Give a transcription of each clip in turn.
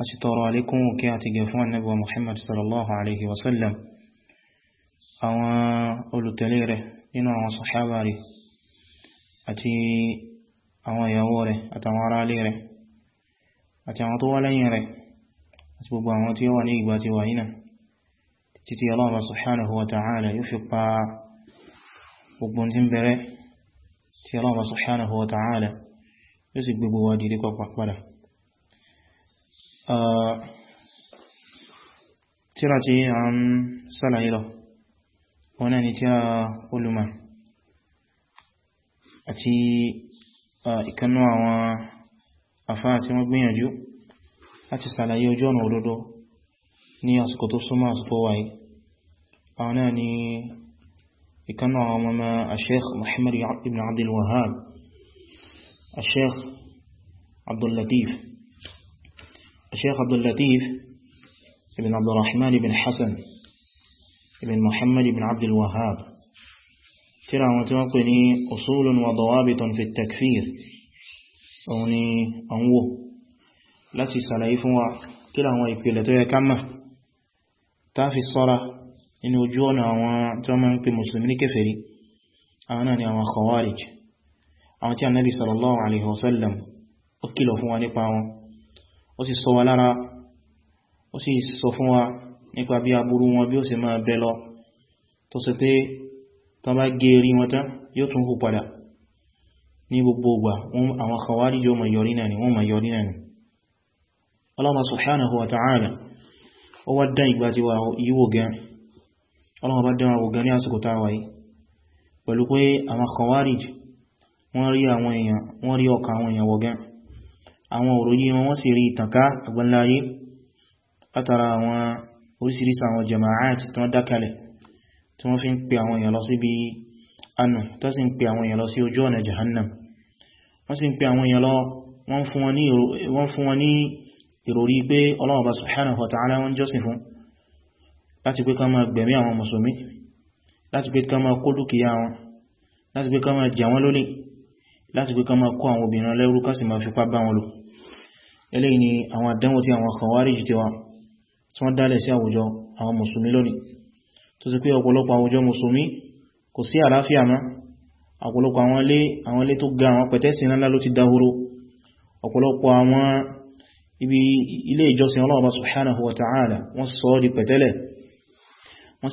àti tọrọ alékún òkè àti gẹ̀ fún annabuwa Muhammad sallallahu alaihi wasallam àwọn olùtẹ̀lé rẹ̀ nínú àwọn sàhábà rẹ̀ àti àwọn ìyàwó rẹ̀ àtàwọn ará alé rẹ̀ àti àwọn tó wá lẹ́yìn rẹ̀ àti gbogbo àwọn tí ó wà ní ìgbà ti wà yínà títí Allah subhanahu tíra tí a ń sálàyé lọ wọ́n náà ni tí a olùmọ̀ àti ìkanú àwọn afá tí wọ́n gbìyànjú láti sálàyé ojú ọ̀nà òdodo ní àsìkò tó súnmọ́ àsìkò wáyé àwọn náà ni ìkanú àwọn ọmọ Sheikh Muhammad ibn Abdul Wahhab Sheikh Abdul Latif الشيخ عبد اللطيف بن عبد الرحمن بن حسن بن محمد بن عبد الوهاب ترى متوقني أصول وضوابط في التكفير أوني أنو لا تسالي فوا كلا هو يبيلتو يكما تافي الصلاة إن وجونا وتمام في مسلمين كفري أنا نعم خوارج أنا النبي صلى الله عليه وسلم أكله فوا نقاوه ó sì sọ wa lára ó sì sọ fún wa nípa bí aburú wọn bí ó sì máa bẹ lọ tó sì pé tán bá gé rí wọn tán yóò tún hù padà ní gbogbo ìgbà àwọn kàwárí yóò ma yọrí náà ni wọ́n ma yọrí náà ni Allah subhanahu wa ta'ala ó wá dán ìgbà ti wà yíwò gan àwọn òròyìn wọn sì rí ìtànká àgbánláyé látara àwọn orísìírísìí àwọn jama'at tí wọ́n dákalẹ̀ tí wọ́n fi ń pè àwọn èèyàn lọ sí bí anù tó sì ń pè àwọn èèyàn lọ sí ojú ọ̀nà jahannam wọ́n sì ń pè àwọn èèyàn lọ wọ́n fún wọn ní ìròrí pé Ọlọ́run Ọba láti pé ká máa kó àwọn obìnrin lẹ́rú ká sì máa fipá bá wọn lò eléyìí ni àwọn àdánwò tí àwọn Khawarij ti wá tí wọ́n dálẹ̀ sí àwùjọ àwọn mùsùlùmí lónìí tó sì pé ọ̀pọ̀lọpọ̀ àwùjọ mùsùlùmí kò sí àlàáfíà má ọ̀pọ̀lọpọ̀ àwọn ilé ibi ilé ìjọsìn Ọlọ́run Ọba subhanahu wa ta'ala wọ́n sọ di pẹ̀tẹ́lẹ̀ ma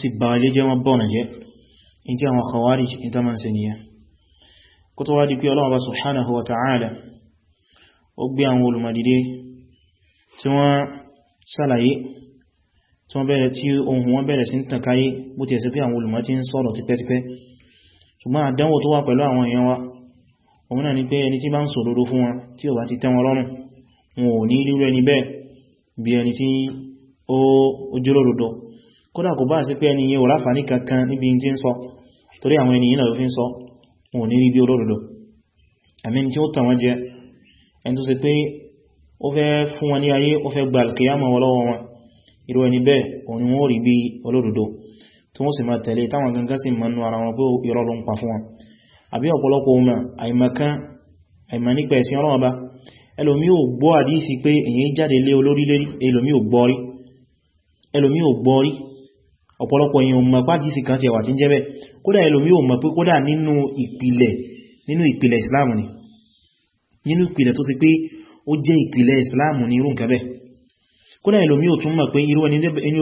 ń ṣe nìyẹn kó tó wá di pé Ọlọ́run Ọba subhanahu wa ta'ala ó gbé àwọn olùmọ̀dìde tí wọ́n sàlàyé tí wọ́n bẹ̀rẹ̀ tí ohun wọn bẹ̀rẹ̀ sí ń tàn káyé bó ti ẹ̀sẹ̀ pé àwọn olùmọ̀ tí ń sọ̀rọ̀ tipẹ́tipẹ́ ṣùgbọ́n àdánwò tó wà pẹ̀lú àwọn èèyàn wa òun náà ni pé ẹni tí bá ń sòdodo fún wọn tí ó bá ti tẹ́ wọn lọ́rùn wọn ò ní rírú ẹni bẹ́ẹ̀ bí ẹni tí ó jólódodo kódà kò bá sí pé ẹni yẹn ò ráfàní kankan níbi tí ń sọ torí àwọn ènìyàn náà ló fi ń sọ wọn ò ní rí bí olódodo àmì tí ó tàn wọ́n jẹ ẹni tó ṣe pé ó fẹ́ fún wọn ní ayé ó fẹ́ gba alkiyama wọlọ́wọ́ wọn irú ẹni bẹ́ẹ̀ òun ni wọ́n rí bí olódodo tó wọ́n sì máa tẹ̀lé táwọn gangan sì mọ́nú ara wọn pé irọ́ ló ń pa fún wọn àbí ọ̀pọ̀lọpọ̀ ọmọ àìmọ̀kan àìmọ̀ nípa ẹ̀sìn ọlọ́wọ́ bá ẹlòmí ò gbọ́ àdísì pé èyí jáde lé olórí lérí ẹlòmí ò gbọ́ rí kan ti ẹ̀wà tí ń jẹ́ bẹ́ẹ̀ kódà ẹlòmí ò mọ̀ pé kódà nínú ìpìlẹ̀ Islam ni nínú ìpìlẹ̀ tó sì pé ó jẹ́ ìpìlẹ̀ ìsìláàmù ní irú nǹkan bẹ́ẹ̀ kódà ẹlòmí ò tún mọ̀ pé irú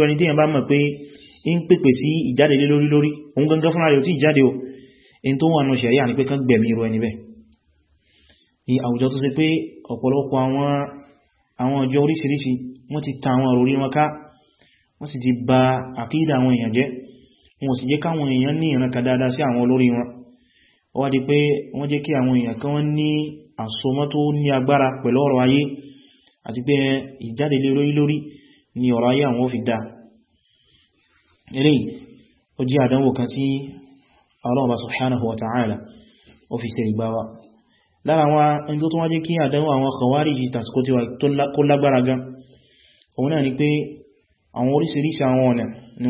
ẹni tí yẹn bá mọ̀ pé ń pèpè sí ìjáde lé lórí lórí òun gangan fúnra rẹ̀ ò tí ìjáde o in tó wà náà ṣẹ̀yà ní pé kán gbẹ̀mí irú ẹni bẹ́ẹ̀ ní àwùjọ tó sì ó wá di pé wọ́n jẹ́ kí àwọn èèyàn kan wọ́n ní àsomọ́ tó ní agbára pẹ̀lú ọ̀rọ̀ ayé àti pé ìjáde lé lórí lórí ni ọ̀rọ̀ ayé àwọn fi dá eléyìí ó jẹ́ àdánwò kan tí Allah subhanahu wa ta'ala ó fi ṣe ìgbáwa lára wọn ẹni tó tún wá jẹ́ kí àdánwò àwọn Khawarij tàṣíkò tí kó lágbára gan ni pé àwọn oríṣiríṣi àwọn ọ̀nà ni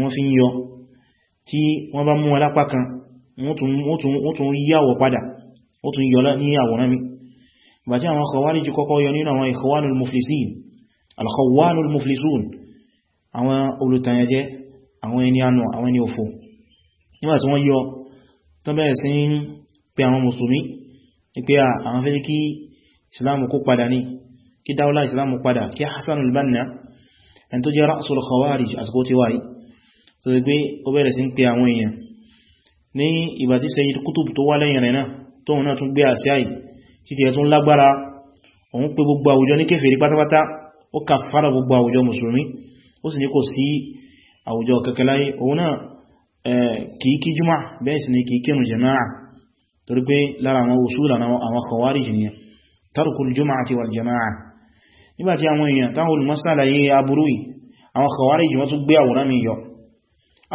wọ́n tún yíyàwó padà ó tún yọ ní àwòrán mi bá tí àwọn khawarij kọ́kọ́ yọ nínú àwọn ikhwanul muflisin al-khawwanul muflisun àwọn olùtànyẹjẹ́ àwọn ẹni ànú àwọn ẹni òfò nígbà tí wọ́n yọ tó bẹ̀rẹ̀ sí ń pe àwọn mùsùlùmí ní pé àwọn fẹ́ kí islamu kó padà ní kí dáúlá islamu padà kí Hassan al-Banna ẹni ní ìgbà tí Sayyid Qutb tó wá lẹ́yìn rẹ̀ náà tóun náà tún gbé àsíá yìí títí ẹ̀ tún lágbára òun pé gbogbo àwùjọ ní kèfèrí pátápátá ó kà fara gbogbo àwùjọ mùsùlùmí ó sì ní kò sí àwùjọ kẹkẹláyé òun náà kìí kí jùmá bẹ́ẹ̀ sì ní kìí kí jama'a torí pé lára àwọn òṣùlà àwọn Khawarij ni tarkul jum'ati wal jama'a nígbàtí tún gbé àwòrán mi yọ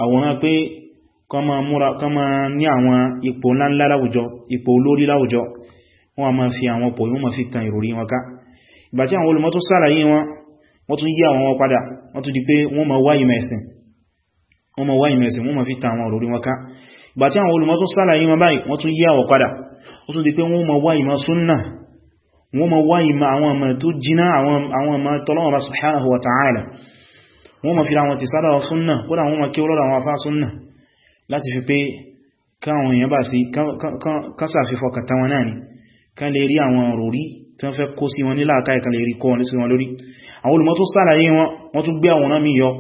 àwòrán pé kọmọ múra kọmọ ní àwọn ipò ńláńlá láwùjọ ipò olórí láwùjọ wọ́n a máa fi àwọn ọ̀pọ̀ yíò máa fi kan ìròrí wọn ká ìgbà tí àwọn olùmọ́ tó sàlàyé wọn wọ́n tún yí àwọn wọn padà wọ́n tún di pé wọ́n máa wá ìmọ̀ ẹ̀sìn wọ́n máa wá ìmọ̀ ẹ̀sìn wọ́n máa fi tan àwọn ìròrí wọn ká láti fi pé káwọn èèyàn bá sí kánsà fi fọkà tán wọn náà ni kán lè rí àwọn ọ̀rọ̀ rí tí wọ́n fẹ́ kó sí wọn nílà káì kan lè rí kọ́ sí wọn lórí àwọn olùmọ̀ tó sàlàyé wọn wọ́n tún gbé àwòrán mi yọ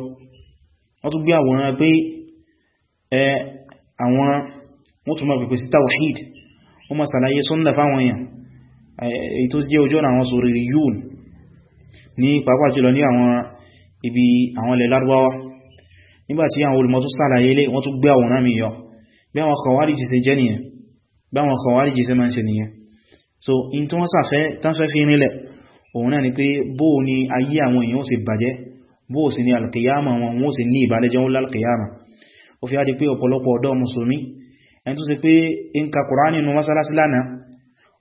wọ́n tún gbé àwòrán pé àwọn wọ́n tún máa pèpè sí tawhid wọ́n m'a sàlàyé sunna fáwọn èèyàn èyí tó jẹ́ ojú ọ̀nà àwọn sòrìrì yún ní pàápàá jùlọ ní àwọn ibi àwọn ilẹ̀ lárúbáwá nígbàtí àwọn olùmọ̀ tó sàlàyé lé wọ́n tó gbé àwòrán mi yọ bí àwọn kọwàrí jìse jẹ́ nìyẹn bí àwọn kọwàrí jìse máa ń ṣe nìyẹn so in tí wọ́n sàfẹ́ tánfẹ́ fi rinlẹ̀ òun náà ni pé bó ni ayé àwọn èèyàn ó sì bàjẹ́ bó sì ni alkiyama wọn wọ́n sì ní ìbàlẹ́jẹ́ wọn lálkiyama ó fi hádìí pé ọ̀pọ̀lọpọ̀ ọ̀dọ́ mùsùlùmí ẹni tó ṣe pé ń ka kùránì nínú mọ́sálásí lánàá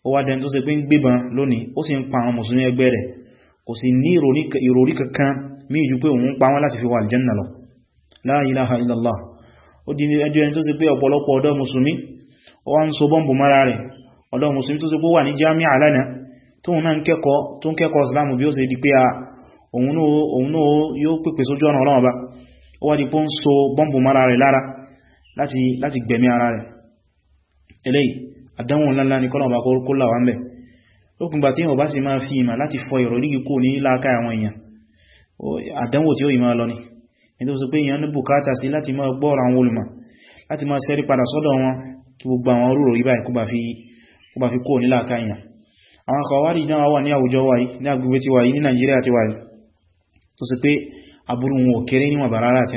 ó wá dẹni tó ṣe pé ń gbébọn lónìí ó sì ń pa àwọn mùsùlùmí ẹgbẹ́ rẹ̀ kò sì ní ìròrí kankan mí ju pé òun pa wọn láti fi wà aljanna lọ la ilaha illallah ó di ẹjọ́ ẹni tó sì pé ọ̀pọ̀lọpọ̀ ọ̀dọ́ musulmi ó wá ń so bọ́m̀bù mara rẹ̀ ọ̀dọ́ musulmi tó sì pé wà ní jami'a lánàá tó ń kẹ́kọ̀ọ́ tó ń kẹ́kọ̀ọ́ islam bí ó sì di pé òun náà yóò pèpè sójú ọ̀nà ọ̀rọ̀ ọba ó wá di pé ó ń so bọ́m̀bù mara rẹ̀ lára láti gbẹ̀mí ara rẹ̀ àdánwò tí ó ìmá lọ ni tó sọ pé èyàn ní bùkátà sí láti máa gbọ́ra àwọn olùmọ̀ láti máa sẹ́rí padà sọ́dọ̀ wọn kí gbogbo àwọn orúurú ibà kó bá fi kó nílà káyà àwọn Khawarij náà wà ní àwùjọ wáyí ní agbègbè ti wáyí ní Nàìjíríà ti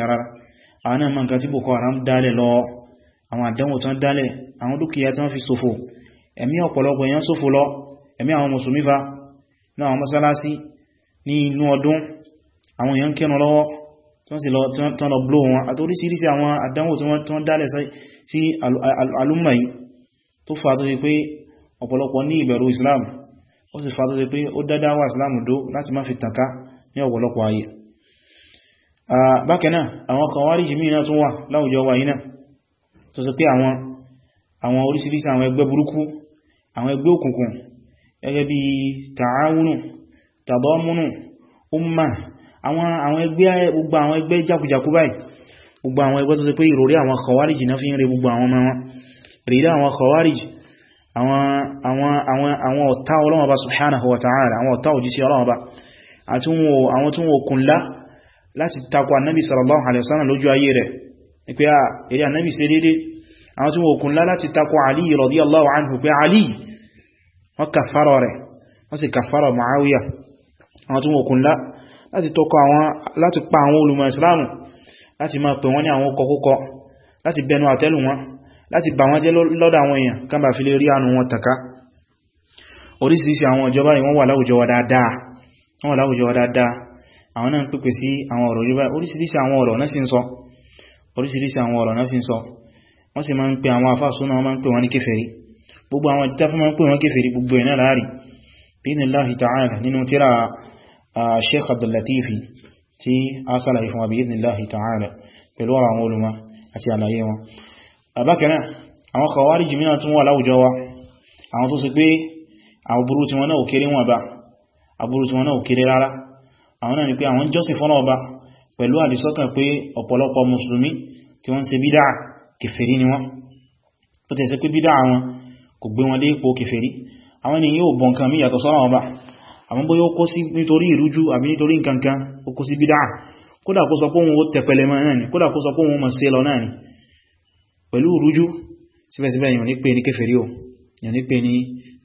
wáyí Boko Haram dálẹ̀ lọ àwọn àdánwò tán dálẹ̀ àwọn dúkìá tán fi ṣòfò ẹ̀mí ọ̀pọ̀lọpọ̀ èèyàn ṣòfò lọ ẹ̀mí àwọn mùsùlùmí fa náà àwọn mọ́sálásí tán sí lọ tán lọ bló wọn àti orísìírísìí àwọn àdánwò tí wọ́n tán dálẹ̀ sí alúmọ̀ yìí tó fà tó sí pé ọ̀pọ̀lọpọ̀ ní ìbẹ̀rù Islam ó sì fà tó sí pé ó dádá wà Islam dó láti má fi tànká ní ọ̀pọ̀lọpọ̀ ayé bákan náà àwọn kọwárí jìmí náà tún wà láwùjọ wa yìí náà tó sì pé àwọn àwọn umma àwọn ẹgbẹ́ gbogbo àwọn ẹgbẹ́ jákujàku báyìí gbogbo àwọn ẹgbẹ́ tó ṣe pé ìròrí àwọn kọwàríjì náà fi ń re gbogbo àwọn ọmọ wọn rírí àwọn kọwàríjì àwọn ọ̀tá Ọlọ́run Ọba subhanahu wa ta'ala àwọn ọ̀tá òjíṣẹ́ Ọlọ́run Ọba àti àwọn tí wọ́n kùnlá láti takwa annabi sallallahu alaihi wasallam lójú ayé rẹ̀ pé a èrè annabi ṣe dédé àwọn tí wọ́n kùnlá láti takwa Ali radiyallahu anhu pé Ali wọ́n kàfàrọ̀ rẹ̀ wọ́n láti tọkọ àwọn láti pa àwọn olùmọ̀ ìsìláàmù láti máa pè wọ́n ní àwọn kọkúkọ láti bẹnu àtẹ́lù wọn láti bà wọ́n jẹ́ lọ́dọ̀ àwọn èèyàn kan bá fi lè rí àánú wọn tàká oríṣiríṣi àwọn ìjọba yìí wọ́n wà láwùjọ wa dáadáa wọ́n wà láwùjọ wa dáadáa àwọn náà ń pèpè sí àwọn ọ̀rọ̀ yorùbá oríṣiríṣi àwọn ọ̀rọ̀ náà sì ń Ah, sheikh abdullatifi tí a sálàyé fún àbí ìdínláhì ta'ala pẹ̀lú àwọn olùmọ̀ àti àlàyé wọn àbákanáà ah, àwọn khawarij mìíràn tún wà láwùjọ wa àwọn tó sì pé àbúrú tí wọn náà òkèrè wọn bá àbúrú tí wọn náà òkèrè rárá àwọn náà ni pé àwọn jọ́sìn fọ́nà ọba pẹ̀lú àdìsọ́kàn pé ọ̀pọ̀lọpọ̀ mùsùlùmí tí wọ́n ènìyàn ò bọ̀ mí yàtọ̀ sọ́nà ọba àmọ́ bóyá ó kó sí nítorí ìrújú àbí nítorí nǹkankan ó kó sí bídá kódà kó sọ pé òun ó tẹ̀pẹ̀lẹ̀ mọ́ náà ni kódà kó sọ pé òun mọ̀ sí ẹlọ náà ni pẹ̀lú ìrújú síbẹ̀síbẹ̀ èèyàn ní pé ní kèfèrí o èèyàn ní pé ní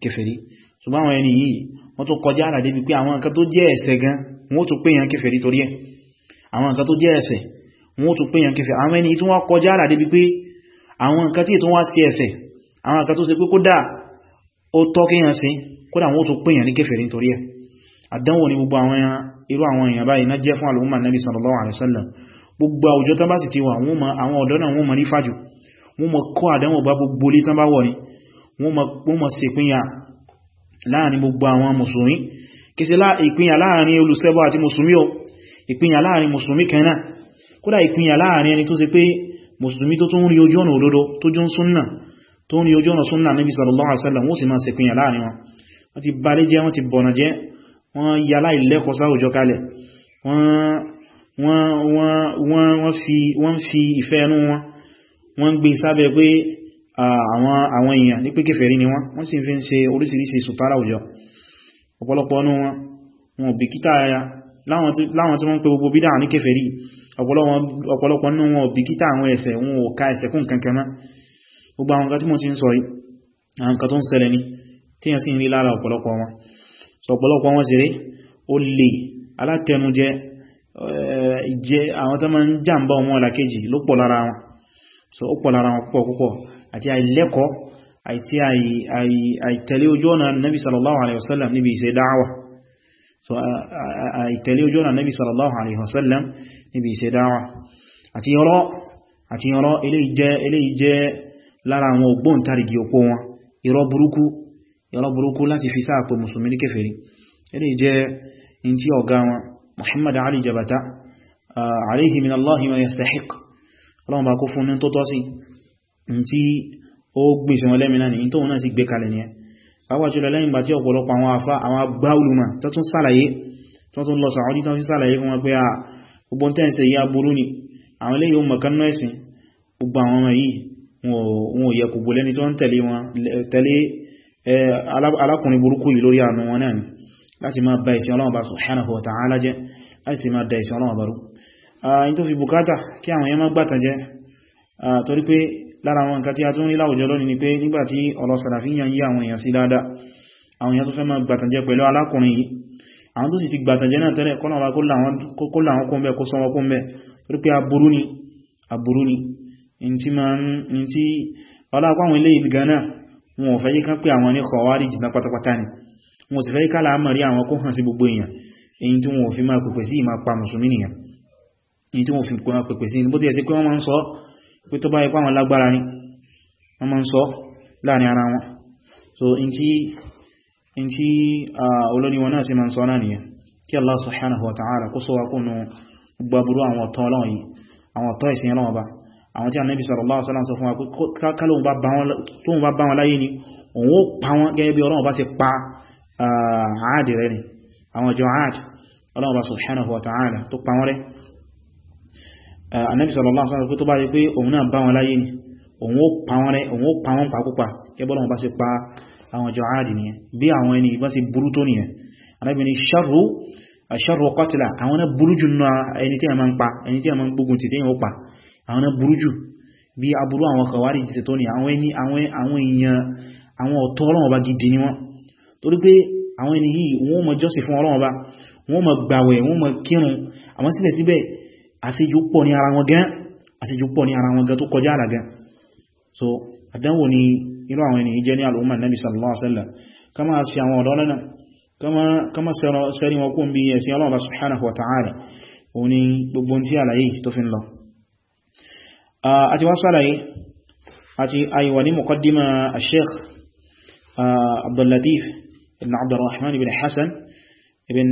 kèfèrí ṣùgbọ́n àwọn ẹni yìí wọ́n tó kọjá àlà débi pé àwọn nǹkan tó jẹ́ ẹ̀ṣẹ̀ gan wọ́n tó pé èèyàn kèfèrí torí ẹ̀ àwọn nǹkan ó tọ́ kéèyàn ní kèfèrí torí ẹ̀ àdánwò ní gbogbo àwọn irú àwọn èèyàn báyìí náà jẹ́ fún alùmọ̀ nabi sallallahu alaihi wasallam gbogbo àwùjọ tán bá sì ti wà àwọn ọ̀dọ́ náà wọ́n mọ̀ ní fàájò wọ́n mọ̀ kọ́ àdánwò mùsùlùmí tó tún rí ojú ọ̀nà òdodo tó jọ súnnà tó rí ojú ọ̀nà súnnà nabi sallallahu alaihi wọ́n sì máa ṣèpínyà láàrin wọn wọ́n ti balẹ̀ jẹ́ wọ́n ti bọ̀nà jẹ́ wọ́n yàlá ìlẹ́kọ̀ sáwùjọ kalẹ̀ wọ́n fi ìfẹ́ ẹnu wọn wọ́n gbé sábẹ́ pé àwọn èèyàn ní pé kèfèrí ni wọ́n wọ́n sì fi ń ṣe oríṣiríṣi sùtárà òjò ọ̀pọ̀lọpọ̀ ọnú wọn wọn bìkítà ya láwọn tí wọ́n pè gbogbo bídà ní kèfèrí ọ̀pọ̀lọpọ̀ nínú wọn bìkítà àwọn ẹ̀ṣẹ̀ wọn ò ká ẹ̀ṣẹ̀ kún kankan mọ́ gbogbo àwọn kan tí mo ti ń sọ yìí àwọn kan tó ń ṣẹlẹ̀ ni tí yẹn sì ń rí lára ọ̀pọ̀lọpọ̀ wọn ọ̀pọ̀lọpọ̀ wọn ṣeré olè alátẹnujẹ eh, ìjẹ àwọn tó máa ń jàmbá ọmọ ọ̀làkejì ló pọ̀ lára wọn so ó pọ̀ lára wọn púpọ̀ púpọ̀ àti àìlẹ́kọ̀ọ́ àti àìtẹ̀lé ojú ọ̀nà nabi sallallahu alaihi wasallam níbi ìṣe dáwà so àìtẹ̀lé ojú ọ̀nà nabi sallallahu alaihi wasallam níbi ìṣe dáwà àti ọ̀rọ̀ àti ọ̀rọ̀ eléyìí jẹ́ lára àwọn ògbóǹtarìgì òpó wọn irọ́ burúkú yọ́rọ̀ burúkú láti fi sáà pé musulmi ní kèfèrí ilé jẹ́ in tí ọ̀gá wọn Muhammad Ali Jabata alayhi min Allahi ma yastahiq ọlọ́run bá kó fún ní tó tọ́ sí in tí ó gbèsè wọn lẹ́mìnà ní tó wọn náà sì gbé kalẹ̀ ní ẹ pàápàá lẹ́yìn bá tí ọ̀pọ̀lọpọ̀ àwọn afá àwọn agbáulùmọ̀ tó tún sàlàyé tó tún lọ sàwọn títọ́ sí sàlàyé fún alákùnrin burúkú yìí lórí àánú wọn náà ni láti máa bá ìsìn Ọlọ́run bá subhanahu wa ta'ala jẹ́ láti máa da ìsìn Ọlọ́run bá rú in tó fi bukata kí àwọn yẹn má gbàtà jẹ́ torí pé lára àwọn nǹkan a tún rí láwùjọ lónìí ni pé nígbàtí ọ̀rọ̀ sàràfíyàn yí àwọn èèyàn sí dáadáa àwọn èèyàn tó fẹ́ máa gbàtà jẹ́ pẹ̀lú alákùnrin yìí àwọn tó sì ti gbàtà jẹ́ náà tẹ́lẹ̀ kọ́nà wa kó làwọn kó ń bẹ́ ọlá pàwọn ilé ìgbà wọn ò fẹ́yí kán pé àwọn ní khawarij ná pátápátá ni wọn sì fẹ́yí kálà àmàrí àwọn kó hàn sí gbogbo èèyàn èyí tí wọn ò fi máa pèpè sí ìmá pa mùsùlùmí nìyàn èyí tí wọn fi máa pèpè sí bó ti yẹ pé wọ́n máa ń sọ pé tó bá ipá wọn lágbára ni wọ́n máa ń sọ láàrin ara wọn so in tí olórí wọn náà sì máa ń sọ náà nìyàn kí Allah subhanahu wa ta'ala kó sọ wa kúnnù gbogbo àwọn ọ̀tọ́ ìsìn ọlọ́wọ́ ba àwọn tí Ànábì sallallahu alaihi wasallam sọ fún wa pé kálóhun bá bá wọn láyé ni òun ó pa wọn gẹ́gẹ́ bí Ọlọ́run bá ṣe pa ah, àádì rẹ̀ ni àwọn ìjọ àádì Ọlọ́run bá subhanahu wa ta'ala tó pa wọn rẹ̀ ah, Ànábì sallallahu alaihi wasallam sọ pé tó bá rí pé òun náà bá wọn láyé ni òun ó pa wọn rẹ̀ òun ó pa wọn pàkópa gẹ́gẹ́ bí Ọlọ́run bá ṣe pa àwọn ìjọ àwọn náà burú jù bí aburú àwọn kàwárí ti tẹ́tọ́ ni àwọn ẹni àwọn èèyàn àwọn ọ̀tọ̀ ọlọ́wọ̀n bá gidi ni wọ́n torí pé àwọn ẹni yìí wọ́n mọ̀ jọ́sìn fún ọlọ́wọ̀n bá wọ́n mọ̀ gbàwẹ̀ wọ́n mọ̀ kírun àwọn síbẹ̀síbẹ̀ àṣejù pọ̀ ní ara wọn gan àṣejù ni irú àwọn sallallahu kama sí àwọn ọ̀dọ́ kama sẹ́rí wọn kún bí wa ta'ala òun ni gbogbo tí àlàyé tó fi ń àti wá sálàyé àti àyíwà ní muqaddima al-sheikh abdullatif ibn abdurrahman ibn hassan ibn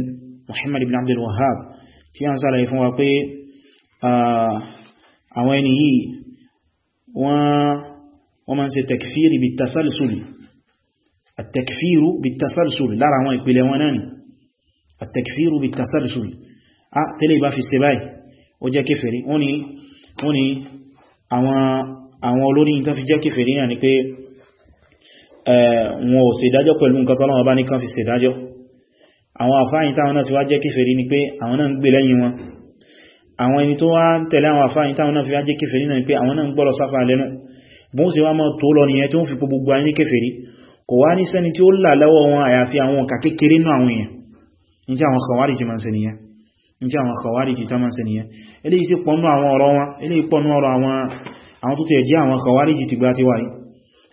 muhammad ibn abdul wahhab tí a ń sálàyé fún wa pé àwọn ẹni yìí wọ́n máa ń ṣe takfiri bí tasalsul lára àwọn ìpìlẹ̀ wọn náà ni at-takfiru bí tasalsul a tẹ́lẹ̀ bá fi ṣe báyìí ó jẹ́ kéfèrí wọ́n ni àwọn olórí ní tán fi jẹ́ kèfèrí náà ni pé wọn ò ṣèdájọ́ pẹ̀lú nǹkan tọ́lọ́wọ́ bá ní kan fi ṣèdájọ́ àwọn àfáàyìn táwọn náà ti wá jẹ́ kèfèrí ni pé àwọn náà ń gbé lẹ́yìn wọn àwọn ẹni tó wá tẹ̀lé àwọn àfáàyìn táwọn náà fi wá jẹ́ kèfèrí náà ni pé àwọn náà ń gbọ́rọ̀ sáfà lẹ́nu bóun sì wá mọ́ tó lọ nìyẹn tí wọ́n fi gbogbo ayé kèfèrí kò wá ní sẹ́ni tí ó là lọ́wọ́ wọn àyàfi àwọn kàkékeré náà àwọn èèyàn ní nítí àwọn khawariji tó máa ń ṣe nìyẹn eléyìí sí pọ̀nú àwọn ọ̀rọ̀ wọn eléyìí pọ̀nú ọ̀rọ̀ àwọn tó tẹ̀ jẹ́ àwọn khawariji ti gbá ti wáyé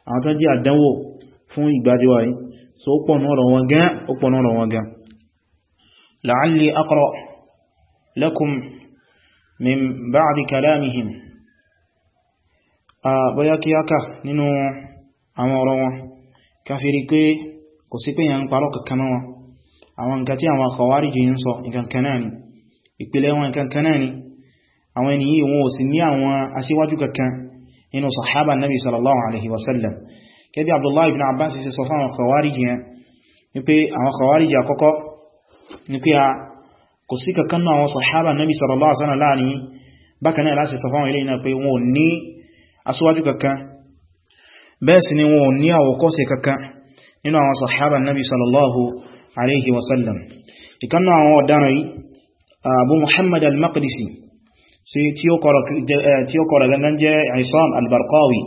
àwọn tó jẹ́ àdánwò fún ìgbà ti wáyé so ó pọ̀nú ọ̀rọ̀ wọn gan ó pọ̀nú ọ̀rọ̀ wọn gan la'alli aqra lakum min ba'di àwọn nǹkan tí àwọn khawariji ń sọ nǹkan ni ìpìlẹ̀ wọn kankan náà ni àwọn ènìyàn wọn ò sì ní àwọn aṣíwájú kankan nínú sahaba nabi sallallahu alaihi wasallam kẹbí abdullahi ibn abbas ṣe sọ fáwọn khawariji yẹn ni pé àwọn khawariji àkọ́kọ́ ni pé a kò sí kankan náà àwọn sahaba nabi sallallahu alaihi wasallam láàrin bákan náà láti sọ fáwọn ilé náà pé wọn ò ní àwọn sahaba yìí abu muhammad al-maqdisi eh, tí ó kọ̀rọ̀ gangan jẹ́ isam al-barqawi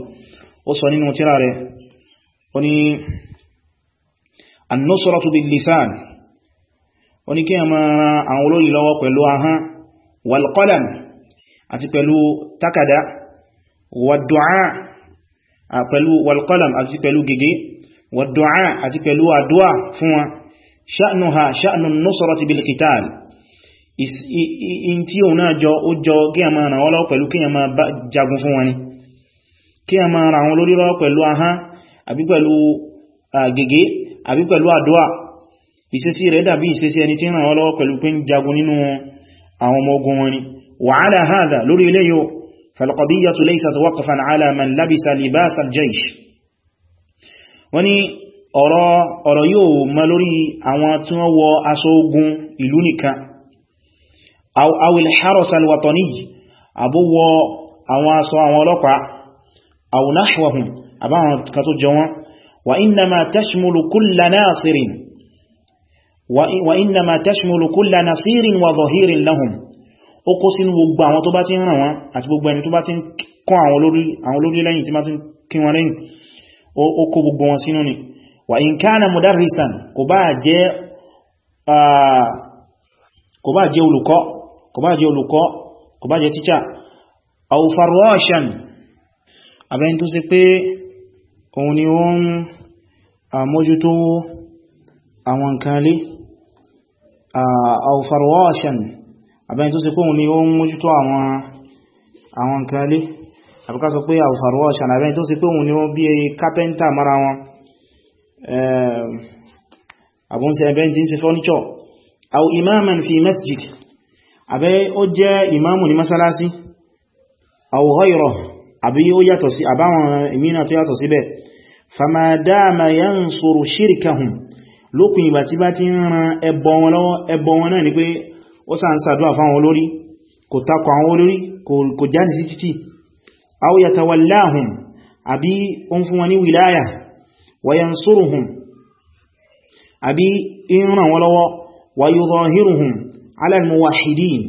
ó sọ nínú tírà rẹ̀ ó ní annusratu bil lisan ó ní kí a máa ran àwọn olóyìn lọ́wọ́ pẹ̀lú ahán wal àti pẹ̀lú takada wad àti pẹ̀lú gègé wad àti pẹ̀lú àdúà fún wa sha'nuha sha'nu an-nusrati bil in tí òun náà jọ ó jọ kí a máa ràn wọ́n lọ́wọ́ pẹ̀lú kí a máa jagun fún wọn ni kí a máa ràn wọ́n lórí lọ́wọ́ pẹ̀lú ahán àbí pẹ̀lú gègé àbí pẹ̀lú àdúà ìṣesí rẹ̀ dàbí ìṣesí ẹni tí ràn wọ́n lọ́wọ́ pẹ̀lú pé ń jagun nínú فالقضية ليست وقفا على من لبس لباس الجيش wọ́n ní ọ̀rọ̀ yóò mọ́ lórí àwọn awil haros alwatoni abúwọ àwọn aṣọ àwọn ọlọ́pàá aw nahwahum àbáwọn kan tó jọ wọn wa innama tashmulu kulla nasirin wa innama tashmulu kulla nasirin wa zahirin lahum ó kó sínú gbogbo àwọn tó bá ti ń ràn wọ́n àti gbogbo ẹni tó bá ti kọ́ kò bá jẹ́ olùkọ́ kò bá jẹ́ tíṣà aw farrashan abẹ́ni tó ṣe pé òun ni ó ń àmójútó àwọn nǹkan lé aw farrashan abẹ́ni tó ṣe pé òun ni ó ń mójútó àwọn nǹkan lé pé aw farrashan tó ṣe pé òun ni ó bí kápẹ́ntà mara wọn àbúnṣẹ́ ẹbẹ́ jí ń ṣe fọ́níṣọ́ aw fi masjid àbẹ́ ó jẹ́ ìmáàmù ní mọ́sálásí aw ghayra àbí ó yàtọ̀ sí àbáwọn ìmìnà tó yàtọ̀ síbẹ̀ fama dama yansuru shirkahum lókùn ìgbà tí bá ti ń ran ẹbọ wọn lọ́wọ́ ẹbọ wọn náà ni pé ó sá ń sàdúwà fáwọn ala al-muwahhidin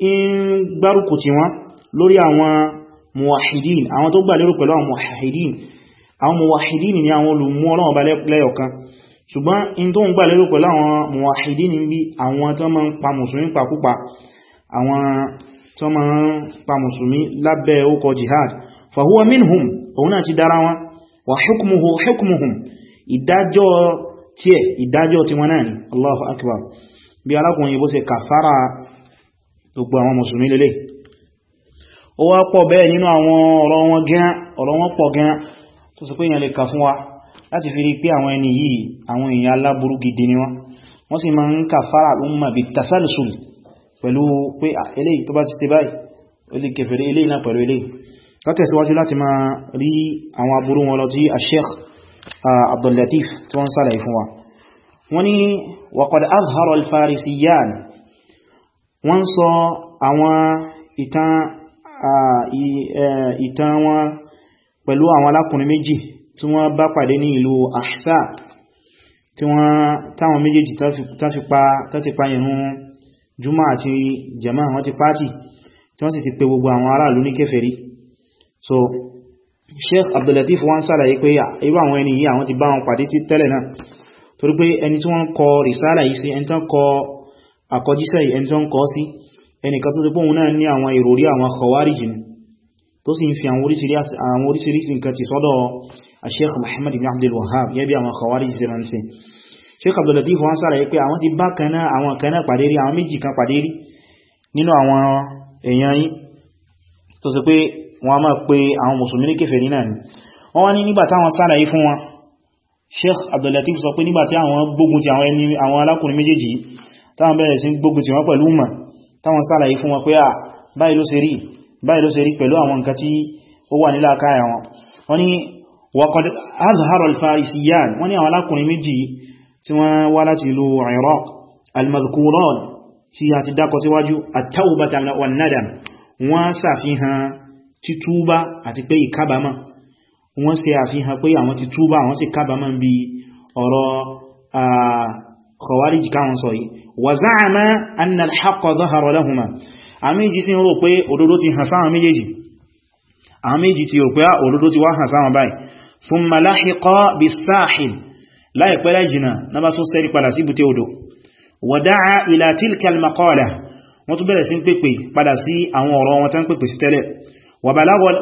in gbárùkù ti wọn awon àwọn muwahhidin àwọn tó gbà awon pẹ̀lú àwọn muwahhidin àwọn muwahhidin ni awon olùmú ọlọ́wọ́ bá lẹ́yọ̀kan ṣùgbọ́n in tó ń gbà lérò pẹ̀lú àwọn muwahhidin bí àwọn tó máa ń pa mùsùlùmí pàkúpa àwọn tó máa ń pa mùsùlùmí lábẹ́ ókọ jihad fahuwa minhum òun na ti dara wọn wa hukmuhu hukmuhum ìdájọ́ náà ni Allahu akbar bí alákùnrin bó ṣe kàfàrà gbogbo àwọn mùsùlùmí lélẹ̀ ó wá pọ̀ bẹ́ẹ̀ nínú àwọn ọ̀rọ̀ wọn gan ọ̀rọ̀ wọn pọ̀ gan tó sì pé èyàn lè kà fún wa láti fi rí pé àwọn ẹni yìí àwọn èèyàn aláburú gidi ni wọ́n wọ́n sì máa ń kàfàrà l'umma bí tasalsul Abdul Latif tí wọ́n fún wa wọ́n ní waqad azhara al-farisiyan wọ́n sọ àwọn ìtàn ìtàn wọn pẹ̀lú àwọn alákùnrin méjì tí wọ́n bá pàdé ní ìlú ahsa tí wọ́n táwọn méjèèjì tàfi pa ìrun juma àti jama wọ́n ti pàtì tí wọ́n sì ti pè gbogbo àwọn aráàlú ní kèfèrí so sheikh abdullatif wọ́n ṣàlàyé pé irú àwọn ẹni yìí àwọn ti bá wọn pàdé ti tẹ́lẹ̀ náà torí pé ẹni tí wọ́n kọ rìsálà yìí sí ẹni tán kọ àkọjíṣẹ́ yìí ẹni tán kọ sí ẹnìkan tó ti pọ́ òun náà ní àwọn ìròrí àwọn kọwárìjì ni tó sì ń fi àwọn oríṣiríṣi nǹkan ti sọ́dọ̀ Sheikh Muhammad ibn Abdul Wahhab yẹ́ bí àwọn kọwárìjì ti Abdul Latif wọ́n sára yìí pé àwọn ti bá kan náà àwọn kan náà pàdé rí àwọn méjì kan pàdé rí nínú àwọn èèyàn yìí tó sì pé wọ́n a ní kèfèrí sheikh abdullatif sọ pé nígbàtí àwọn gbógun ti àwọn ẹni àwọn alákùnrin méjèèjì táwọn bẹ̀rẹ̀ sí gbógun ti wọ́n pẹ̀lú mà táwọn sàlàyé fún wọn pé à ah, báyìí ló ṣe rí báyìí ló ṣe rí pẹ̀lú àwọn nǹkan tí ó wà nílá káyà wọn wọ́n ni iraq al-madhkuran tí a ti dákọ síwájú at-tawbata wan-nadam wọ́n sàfihàn títúbá wọ́n ṣe àfihàn pé àwọn ti túbà àwọn sì kábàámọ̀ bí ọ̀rọ̀ khawarij káwọn sọ yìí wa za'ama anna al-haqqa dhahara lahuma àmì ìjì sí rò pé òdodo ti hàn sáwọn méjèèjì àmì ìjì ti rò pé ah, òdodo ti wá hàn sáwọn báyìí thumma lahiqa bis-sahil láìpẹ́ láìjìnà na bá tó sẹ́rí padà sí bute odò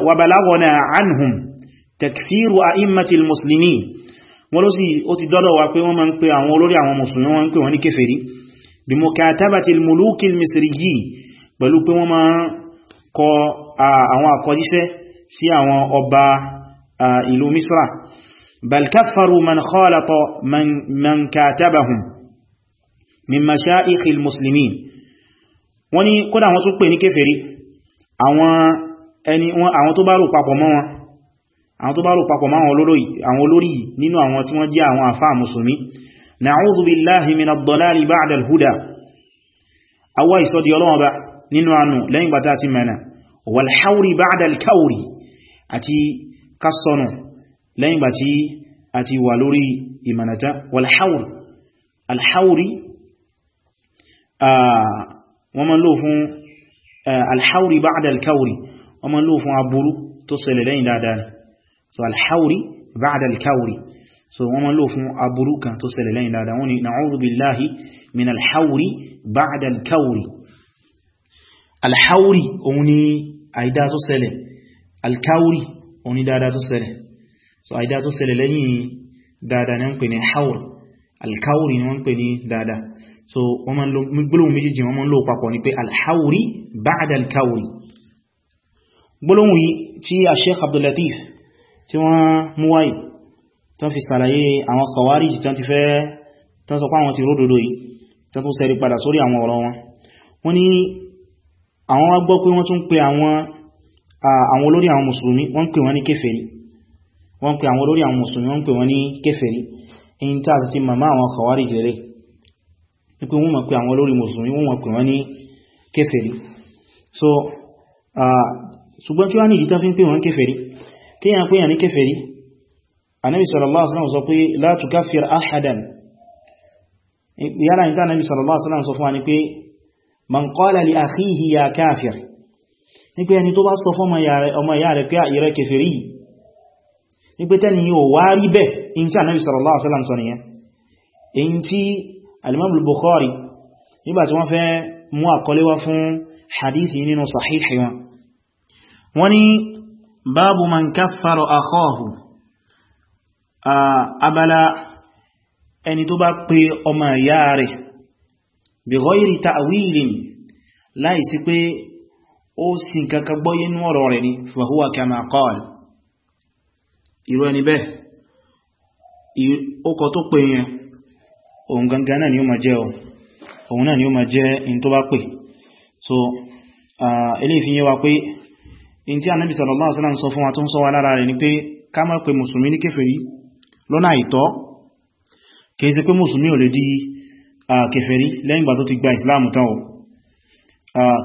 wa balagona anhum tẹ̀kfíru àìmàtí musulmi wọ́n ló sì ó ti dọ́dọ̀ wà pé wọ́n ma ń pè àwọn olórí àwọn musulmi wọ́n ń pè wọ́n ní kéfèrí bí mo kàtàbàtí mùlúkì misiri yìí pẹ̀lú pé wọ́n ma ń kọ àwọn àkọjíṣẹ́ sí àwọn ọba ìlú misra balkafaru man khalata man kàtàbàhùn min mashaikh al-muslimin wọ́n ní kódà wọ́n tún pè ní kéfèrí àwọn ẹni àwọn tó bá rò papọ̀ mọ́ wọn àwọn tó bá rò papọ̀ máwọn olórí nínú àwọn tí wọ́n jẹ́ àwọn àfáà musulmi na'udhu billahi min ad-dalali ba'da al-huda awa ìsọ́dí ọlọ́wọ́ bá nínú àánú lẹ́yìn bá tàà ti mẹ́nà wal-hawri ba'da al-kawri àti kásọ̀nù lẹ́yìn bá tí a ti wà lórí ìmànàta so alhauri ba'da alkauri so wọ́n máa lò fún aburú kan tó ṣẹlẹ̀ lẹ́yìn dáadáa wọ́n ní na'udhu billahi min alhauri ba'da alkauri alhauri òun ni àìdá tó ṣẹlẹ̀ alkauri òun ni dáadáa tó ṣẹlẹ̀ so àìdá tó ṣẹlẹ̀ lẹ́yìn dáadáa ni wọ́n pè ní haur alkauri ni wọ́n pè ní dáadáa so wọ́n máa lò gbólóhùn méjèèjì wọ́n máa lò papọ̀ ní pé alhauri ba'da alkauri gbólóhùn yìí tí a sheikh abdul latif tí wọ́n mú wáyìí tán fi sàlàyé àwọn kọwàríjì tán ti fẹ́ tán sọ pé àwọn ti ródòdó yìí tán tó sẹ́rí padà sórí àwọn ọ̀rọ̀ wọn wọ́n ní àwọn wá gbọ́ pé wọ́n tún pe àwọn àwọn olórí àwọn mùsùlùmí wọ́n pè àwọn olórí àwọn mùsùlùmí wọ́n pè wọ́n ní kèfèrí in tí wọ́n ní kèfèrí so ṣùgbọ́n kí wá ní ìdí tán wọ́n kèfèrí kí yàn pé yàn ní kéfèrí anábi sallallahu alaihi wasallam sọ pé la tukaffir ahadan yára níta anábi sallallahu alaihi wasallam sọ fún wa ni pé man qala li akhihi ya kafir ní pé ẹni tó bá sọ fún ọmọ ìyá rẹ̀ pé ah, ìrẹ́ kéfèrí ní pé tẹ́ni yóò wá rí bẹ́ in tí anábi sallallahu alaihi báàbù man kaffaro akhahu abala ẹni tó bá pè ọmọ ìyá rẹ̀ bí ghairi ta'wilin láìsí pé ó sì kankan gbọ́yé ní ọ̀rọ̀ rẹ̀ ni fahuwa kama qal irú ẹni bẹ́ẹ̀ ọkọ̀ tó pè yẹn òun gangan náà ni ó ma jẹ́ ọ òun náà ni ó ma jẹ́ in tó bá pè so ilé ìfihàn wa pé in tí anábi sallallahu alaihi wasallam sọ fún wa tó ń sọ wa lára rẹ̀ ni pé ká má pè mùsùlùmí ní kèfèrí lọ́nà àìtọ́ kìí ṣe pé mùsùlùmí ò lè di keferi lẹ́yìn gbà tó ti gba ìsìláàmù tán o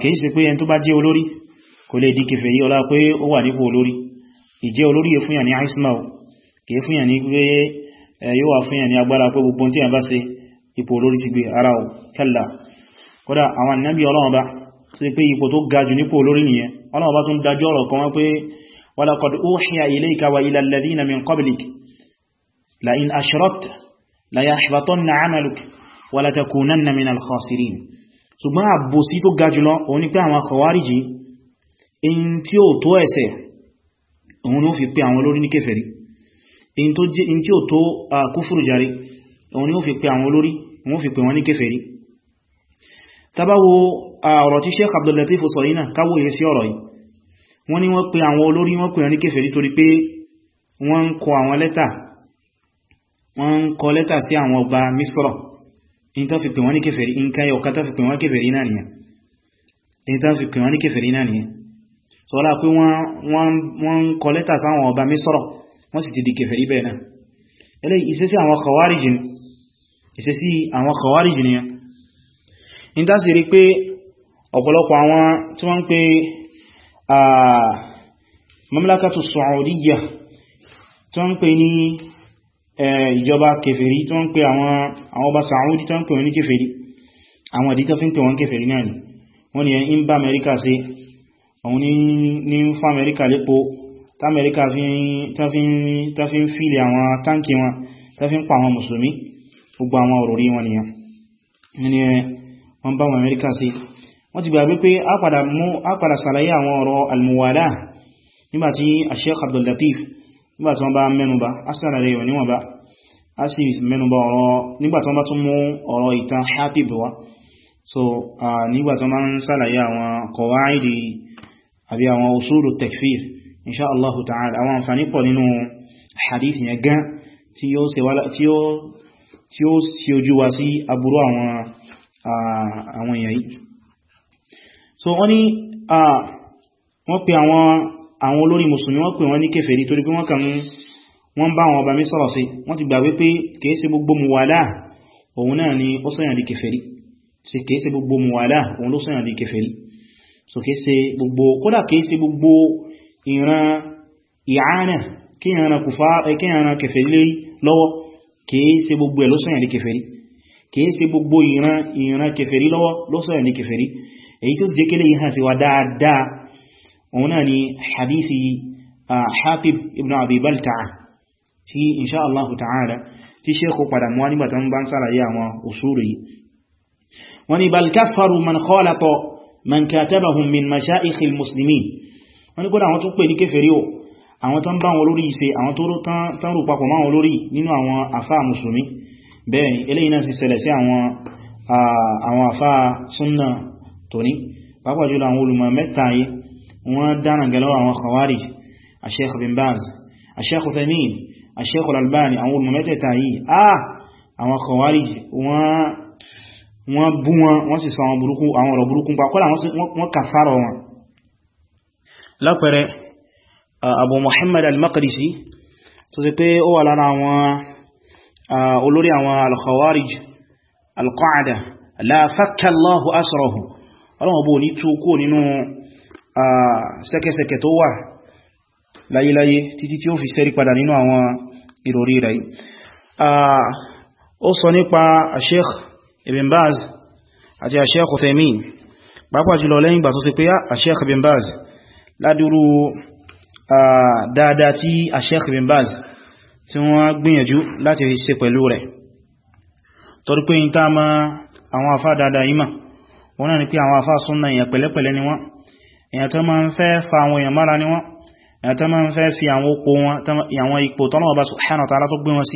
kìí ṣe pé ẹni tó bá jẹ́ olórí kò lè di kèfèrí ọlá pé ó wà nípò olórí ìjẹ́ olórí yẹ fúnyà ní àìsímà o kìí fúnyà ní pé yóò wà fúnyà ní agbára pé gbogbo tí a bá ṣe ipò olórí ti gbé ara o kẹ́lá kódà àwọn ànábì Ọlọ́run bá tí pé ipò tó ga jù nípò olórí nìyẹn ọlọ́wọ́ bá tún dájọ́ ọ̀rọ̀ kan wọ́n pé walaqad uhiya ilayka wa ila alladhina min qablik la in ashrakta la yahbatanna 'amaluka wa la takunanna min al-khasirin ṣùgbọ́n àbòsí tó ga jùlọ òun ni pé àwọn Khawarij in tí ó tó ẹ̀ṣẹ̀ òun tabawo ọ̀rọ̀ tí Sheikh Abdul Latif sọ yìí náà káwò yìí sí ọ̀rọ̀ yìí wọ́n ní wọ́n pe àwọn olórí wọ́n pe ẹni kèfèrí torí pé wọ́n ń kọ àwọn lẹ́tà wọ́n ń kọ lẹ́tà sí àwọn ọba Misra in tó fi pè wọ́n ní kèfèrí in káyẹ ọ̀ká tó fi pè wọ́n kèfèrí náà nìyẹn in tó fi pè wọ́n ní àwọn Khawarij ni ní tásì rí pé ọ̀pọ̀lọpọ̀ àwọn tí wọ́n ń pè mamlakatu Saudiya tí wọ́n ń pè ní ìjọba kèfèrí tí wọ́n ń pè àwọn ọba Saudi tí wọ́n ń pè wọ́n ní kèfèrí àwọn ìdí fi ń pè wọ́n kèfèrí náà ni wọ́n ni ń bá Amẹ́ríkà ṣe àwọn ní ń fún Amẹ́ríkà lépo tamẹ́ríkà fi ń fílẹ̀ àwọn táǹkì wọn tó wọ́n bá wọn amẹ́ríkà sí wọ́n ti gbàgbé pé a padà sàlàyé àwọn ọ̀rọ̀ almuwala nígbàtí Sheikh Abdul Latif nígbàtí wọ́n bá mẹ́nubà a sàlàyé wọn níwọ̀n bá a sì mẹ́nubà ọ̀rọ̀ nígbàtí wọ́n bá tún mú ọ̀rọ̀ ìtàn Hatib so nígbàtí wọ́n bá ń sàlàyé àwọn qawaidi àbí àwọn usulu takfir insha Allah ta'ala àwọn àǹfààní pọ̀ nínú hadith yẹn gan tí ó ṣe ojú wa sí aburú àwọn àwọn èèyàn yìí so wọ́n ní wọ́n pè àwọn olórí mùsùlùmí wọ́n pè wọ́n ní kèfèrí torí pé wọ́n kàn wọ́n bá àwọn ọba mi sọ̀rọ̀ sí wọ́n ti gbà wípé kìí ṣe gbogbo muwala òun náà ni ó sọ́yàn di kèfèrí so kìí ṣe gbogbo muwala òun ló sọ́yàn di kèfèrí so kìí ṣe gbogbo kódà kìí ṣe gbogbo ìran ìhánà kí ìran kèfèrí lọ́wọ́ kìí ṣe gbogbo ẹ̀ ló sọ́yàn di kèfèrí kìí ṣe gbogbo ìran ìran kèfèrí lọ́wọ́ lọ́sọ̀rọ̀ ní kèfèrí èyí tó sì jẹ́ kílé yìí hàn sí wa dáadáa òun náà ni hadithi Hatib ibn Abi Balta'a tí insha Allah ta'ala tí sheikh padà mọ́ nígbà tán bá ń sàlàyé àwọn usulu yìí wọ́n ni bal kaffaru man khalata man katabahum min mashayikh al-muslimin wọ́n ni kódà àwọn tó pè ní kèfèrí o àwọn tán bá wọn lórí ìṣe àwọn tó tán papọ̀ máwọn lórí nínú àwọn àfáà musulmi bẹ́ẹ̀ ni eléyìí náà sì ṣẹlẹ̀ sí àwọn àfá súnnà tóní pàápàá jùlọ àwọn olùmọ̀ mẹ́ta yìí wọ́n dára gẹ́lọ́wọ́ àwọn khawarij Sheikh bin Baz Sheikh Uthaymeen Sheikh Al-Albani àwọn olùmọ̀ mẹ́tẹ̀ẹ̀ta yìí ah àwọn khawarij wọ́n bú wọn wọ́n sì sọ àwọn ọ̀rọ̀ burúkú pàkọ́lá wọ́n kàfàrọ̀ wọn lápẹẹrẹ Abu Muhammad al-Maqdisi tó sì pé ó wà lára àwọn olórí àwọn al-khawarij al-qa'da la fakka Allahu asrahum ọlọ́wọ́ bó ní tó kó nínú sẹ́kẹsẹ̀kẹ tó wà láyéláyé títí tí ó fi sẹ́rí padà nínú àwọn ìròrí rẹ̀ ó sọ nípa Sheikh Ibn Baz àti Sheikh Uthaymin pàápàá jùlọ lẹ́yìn ìgbà tó sì pé ah, Sheikh Ibn Baz ládúrú dáadáa tí Sheikh Ibn Baz tí wọ́n gbìyànjú láti fi ṣe pẹ̀lú rẹ̀ torí pé yínká ma àwọn afá dáadáa yíma wọ́n náà ni pé àwọn afá súnnà èyàn pẹ̀lẹ́pẹ̀lẹ́ ni wọ́n èyàn tó máa ń fẹ́ fa àwọn èyàn mára ni wọ́n èyàn tó máa ń fẹ́ fi àwọn opó wọn àwọn ipò tọ́nà ọba subhanahu wa ta'ala tó gbé wọn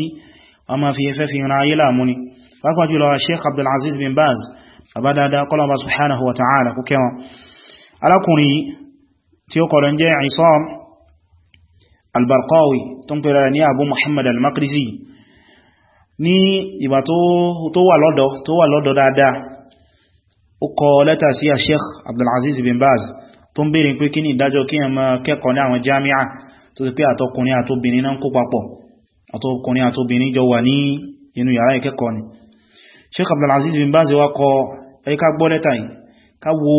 fẹ́ fi ran ayé láàmú albarqawi tó ń pè rẹ̀ ní abu muhammad al-maqdisi ní ìgbà tó wà lọ́dọ̀ tó wà lọ́dọ̀ dáadáa ó kọ lẹ́tà sí a sheikh abdulaziz bin baz tó ń bèèrè pé kí ní ìdájọ́ kí ẹ má kẹ́kọ̀ọ́ ní àwọn jami'a tó ti pé àtọkùnrin àtobìnrin náà kó papọ̀ àtọkùnrin àtobìnrin jọ wà ní inú yàrá ìkẹ́kọ̀ọ́ ni sheikh abdulaziz bin baz wá kọ ẹ̀ka gbọ́ lẹ́tà yìí ká wo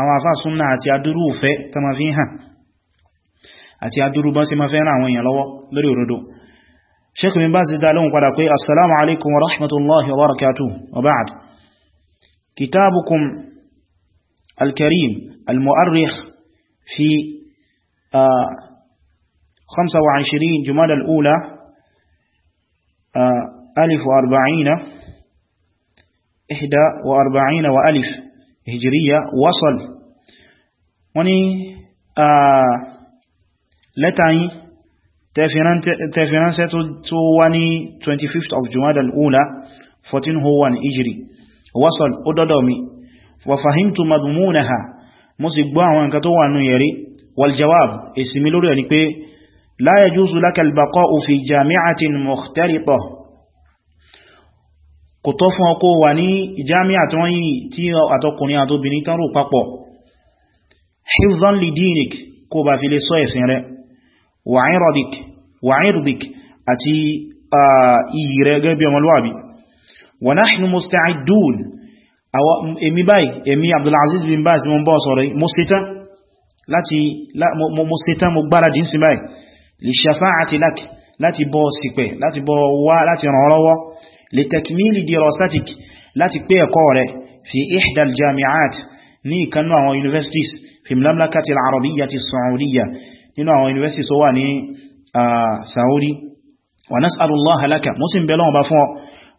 àwọn afáàsúnnà àti adúrú òfẹ́ tó ma fi ń hàn àti adúrú bọ́n sí ma fẹ́ fẹ́ràn àwọn èèyàn lọ́wọ́ lórí òdodo Sheikh bá Baz dá lóhùn padà pé assalamu alaikum wa rahmatullahi wa barakatuh wa ba'd kitabukum alkarim karim al-mu'arrikh fi 25 jumada al-ula 1040 ihda wa 40 wa alif hijriya wasal wani ah lẹ́tà yín tẹ́fìránṣẹ́ tó wá ní 25th of Jumada al-Ula 1401 Hijri wasal ó dọ́dọ̀ mi wa fahimtu madmunaha mo sì gbọ́ àwọn nǹkan tó wà nù yẹ̀rí wal jawab èsì lórí ẹ̀ pé la yajuzu laka al jami'atin mukhtaritah kò tọ́ fún ọkọ wà ní jami'a tí wọ́n yìí tí àtọkùnrin àtobìnrin tán rò papọ̀ hifdhan li dinik bá fi lè sọ ẹ̀sìn rẹ̀ وعرضك وعرضك اتي أتي إيراغ بيومالوابي ونحن مستعدون او امي باي امي عبد العزيز بن باز من باصري مسيتا لاتي لا مسيتا مقبلة جنس باي للشفاعة لك لاتي بوسك بي لاتي بوا لاتي رولوا لتكميل دراستك لاتي بي قوري في إحدى الجامعات ني كانوا universities في المملكة العربية السعودية nínú àwọn university tó wà ní Saudi wa nas'alullaha laka mo sì ń bẹ̀lọ́wọ́ bá fún ọ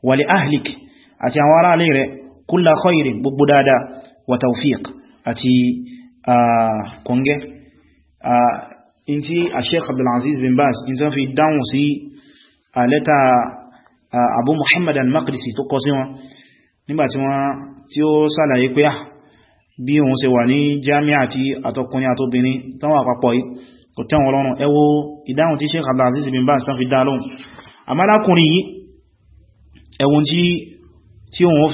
wa li ahlik àti àwọn ará alẹ́ rẹ̀ kulla khairin gbogbo dáadáa wa tawfiq àti kọngẹ́ in ti a sheikh abdulaziz bin baz in ta fi dáhùn sí alẹ́ta abu muhammad al-maqdisi tó kọ sí wọn nígbàtí wọ́n tí ó sàlàyé pé ah, bí òun ṣe wà ní jami'a àti àtọkùnrin àtobìnrin tán wà papọ̀ yìí kò tẹ́wọn lọ́rùn ẹ wo ìdáhùn tí Sheikh Abdulaziz bin Baz tán fi dá lóhùn àmálákùnrin yìí ẹwùn tí òun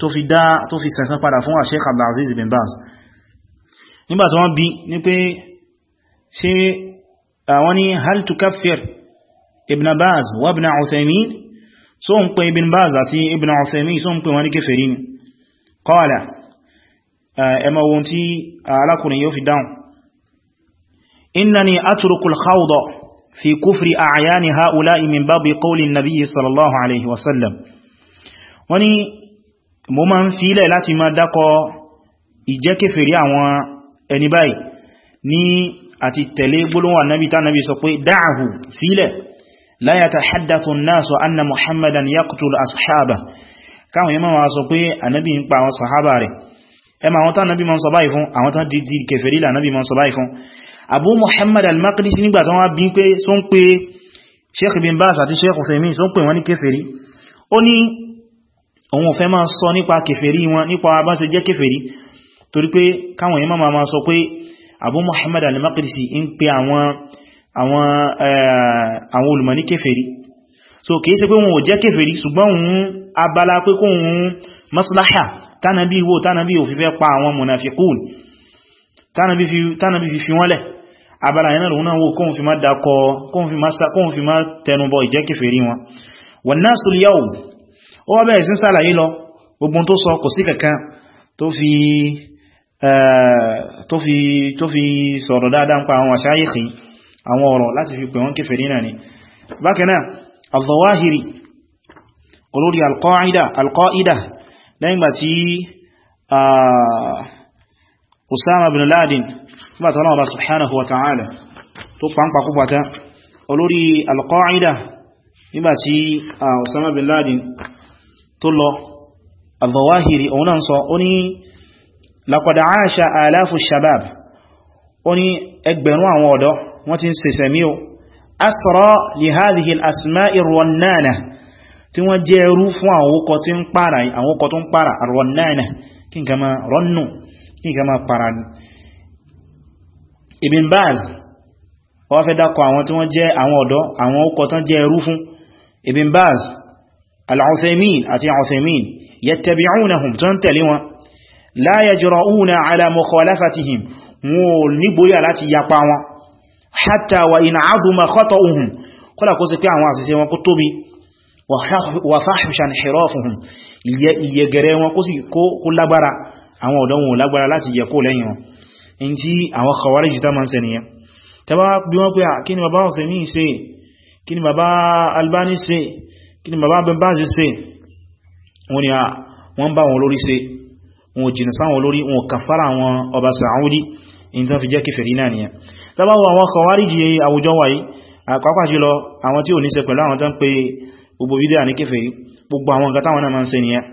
tó fi dá tó fi sẹ̀sán padà fún Sheikh Abdulaziz bin Baz nígbàtí wọ́n bí ní pé ṣe àwọn ni hal tukaffir ibn Baz wa ibn Uthaymin so ń pè ibn Baz àti ibn Uthaymin so ní إنني أترك الخوض في كفر أعيان هؤلاء من باب قول النبي صلى الله عليه وسلم وني مما في ليلة ما دقى إجاك فري عوان أنباي ني أتتلي قلوا النبي تنبي سقوي دعه في لا يتحدث الناس أن محمدا يقتل أصحابه كما يما سقوي النبي ينقع صحابه ẹmà àwọn tán nàbí mọ́ sọ báyìí fún àwọn tán dìdì kèfèrí là nàbí mọ́ sọ báyìí fún abu muhammad al-maqdisi nígbà tó wá bí pé só ń pé sheikh bin baz àti sheikh usaimin só ń pè wọ́n ní kèfèrí ó ní òun ò fẹ́ máa sọ nípa kèfèrí wọn nípa bá ṣe jẹ́ kèfèrí torí pé káwọn yẹn máa máa sọ pé abu muhammad al-maqdisi ń pè àwọn àwọn àwọn so kìí ṣe pé wọn ò jẹ́ kèfèrí ṣùgbọ́n òun abala pé kóhun maslaha tánàbí wo tánàbí ò fi fẹ́ pa àwọn munafiqun tánàbí fi wọ́n lẹ̀ abala yẹn lòun náà wò kóhun fi má dákọ kóhun fi má tẹnubọ ìjẹ́ kèfèrí wọn wan nasu al-yawm o wá bẹ̀rẹ̀ sí ń sàlàyé lọ gbogbo tó sọ kò sí kankan tó fi tó fi tó fi sọ̀rọ̀ dáadáa ń pa àwọn àṣáyìkì àwọn ọ̀rọ̀ láti fi pè wọ́n kèfèrí náà ni bákan al-Zawahiri olórí al-Qaida al-Qaida lẹ́yìn gbà tí Usama bin Laden nígbà tí Ọlọ́run subhanahu wa ta'ala tó pàǹpà kúpàtà olórí al-Qaida nígbà tí Usama bin Laden tó lọ al-Zawahiri òun náà sọ ó ní laqad 'asha alafu shabab ó ní ẹgbẹ̀rún àwọn ọ̀dọ́ wọ́n ti ń sẹ̀sẹ̀ mí o asra li hadhihi al-asma'i ar tí wọ́n jẹ́ ẹrú fún àwọn okọ̀ tó ń pààrà àwọn kí n kama rannu kí n kẹ máa para ní Ibn Baz wọ́n fẹ́ dákọ̀ àwọn tí wọ́n jẹ́ àwọn ọ̀dọ́ àwọn ọkọ̀ tán jẹ́ ẹrú fún Ibn Baz al-Uthaymin àti Uthaymin yattabi'unahum tó ń tẹ̀lé wọn la yajra'una ala wa in 'azuma khata'uhum kọ́lá wọn kó tóbi kó lágbára àwọn ọ̀dọ́ wọn lágbára láti yẹ kó lẹ́yìn wọn in tí àwọn khawarij tá máa ń ṣe nìyẹn tẹbá bí wọ́n pé à kí ni bàbá ọ̀fẹ́mí ṣe kí ni bàbá Albani ṣe kí ni bàbá bẹ́bázi ṣe wọ́n ni wọ́n bá wọn lórí ṣe wọn jìnà sáwọn lórí wọn kàfàrà gbogbo fídíà ní gbogbo àwọn nǹkan táwọn náà máa ń ṣe nìyẹn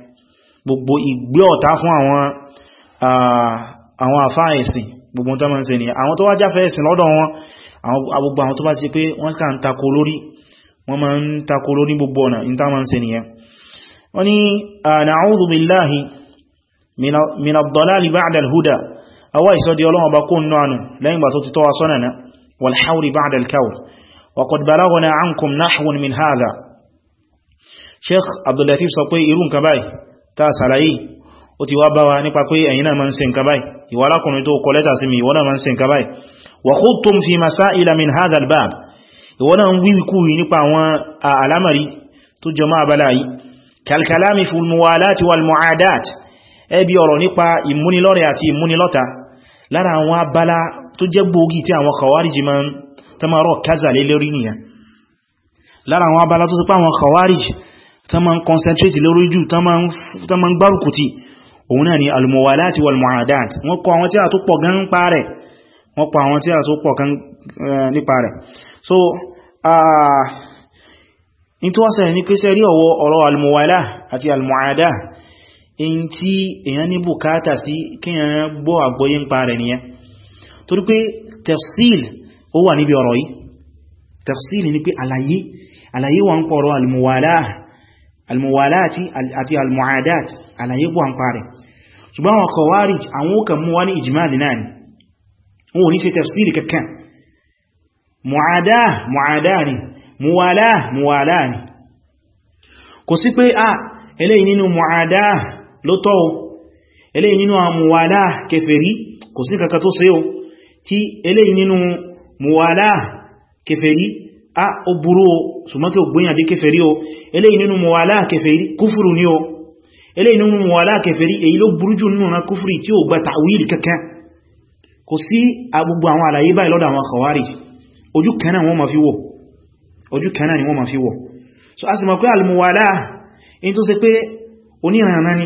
gbogbo ìgbé ọ̀tá fún àwọn àfá ẹ̀sìn gbogbo tó máa ń ṣe ní àwọn tó wá jáfẹ́ ẹ̀sìn lọ́dọ̀ wọn gbogbo àwọn tó bá ti pé wọ́n kà ń tako lórí wọ́n máa ń tako lórí gbogbo ọ̀nà ìta máa ń ṣe nìyẹn wọ́n ni na'udhu billahi min ad-dalali ba'da al-huda awá ìsọ́dí ọlọ́wọ́ bá kó nù ànù sheikh abdullatif sọ pé irú nǹkan báyìí tá sàlàyé ó ti wá bá wa nípa pé ẹ̀yin náà ma ń ṣe nǹkan báyìí ìwà alákùnrin tó kọ lẹ́tà sí mi ìwọ náà ma ń ṣe nǹkan báyìí wa khudtum fi masaila min hadha al-bab ìwọ náà ń wíwí kú yìí nípa àwọn alamari tó jọ máa bala yìí kalkalami fil muwalati wal mu'adat ẹbí tán ma ń concentrate lórí jù tán ma ń gbárùkù tí òun náà ni al-muwalat wal-mu'adat wọ́n kọ àwọn tí a tó pọ̀ gan nípa rẹ̀ wọ́n pa àwọn tí a tó pọ̀ gan eh, nípa rẹ̀ so ní tó wáṣẹ̀ ní pé sẹ́rí ọwọ́ ọ̀rọ̀ al-muwala àti al-mu'ada in tí èyàn ní bùkátà sí kíyàn gbọ́ àgbọ́yé ń pa rẹ̀ nìyẹn torí pé almuwalati àti almuadat àlàyé pọ̀ ń parẹ̀ ṣùgbọ́n àwọn khawarij àwọn ó kàn mú wá ní ìjìmáàlì náà ni wọn ò ní ṣe tafsiri kankan muada muada ni muwala muwala ni kò sí pé a ah, eléyìí nínú muada ló tọ́ o eléyìí nínú muwala kèfèrí kò sí kankan tó ṣe o tí eléyìí nínú muwala kèfèrí a ó burú o ṣùgbọ́n kí o gbóyàn dé kèfèrí o eléyìí nínú mọ̀wàlá kèfèrí kúfùrù ní o eléyìí nínú mọ̀wàlá kèfèrí èyí ló burú jù nínú kúfùrù tí ó gba tàwílì kankan kò sí agbogbo àwọn àlàyé báyìí lọ́dọ̀ so a sì mọ̀ pé almuwala in tó ṣe pé oníranran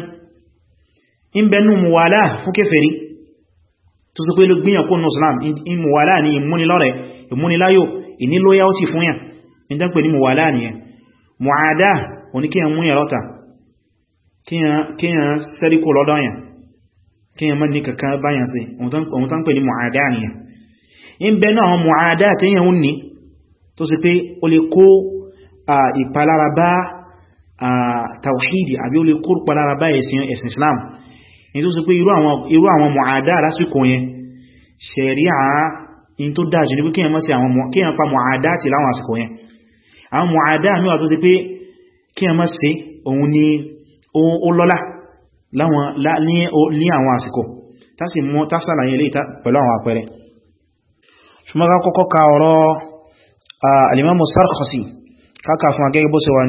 tó sọ pé ló gbíyàn kó islam ìmúwàlá ní ìmúnilọ́rẹ̀ ìmúniláyò ìnílóyáwótì fún yàn ní tán pè ní múwàlá ní ẹ mọ̀ádá oníkíyàn mú yàn lọ́ta kíyàn sẹ́ríkò lọ́dọ́ yàn kíyàn mọ́ ní kankan báyàn sí ohun tán pè ní mọ̀ádá ní ẹ in bẹnu àwọn mọ̀ádá tẹ́yàn ń ní tó sì islam ní tó sọ pé irú àwọn mọ̀ádá lásìkò yẹn ṣẹ̀ríà in tó dájú ní pé kíyàn mọ́ sí àwọn kíyàn pa mọ̀ádá ti láwọn àsìkò yẹn àwọn mọ̀ádá mẹ́wàá tó sì pé kíyàn mọ́ sí òun ni ó lọ́lá ní àwọn àsìkò tásì mọ́ tásàlàyé ilé pẹ̀lú àwọn àpẹẹrẹ ṣùgbọ́n kọ́kọ́ ka ọ̀rọ̀ alimamu sarkosi káka fún agẹ́gẹ́ bó ṣe wà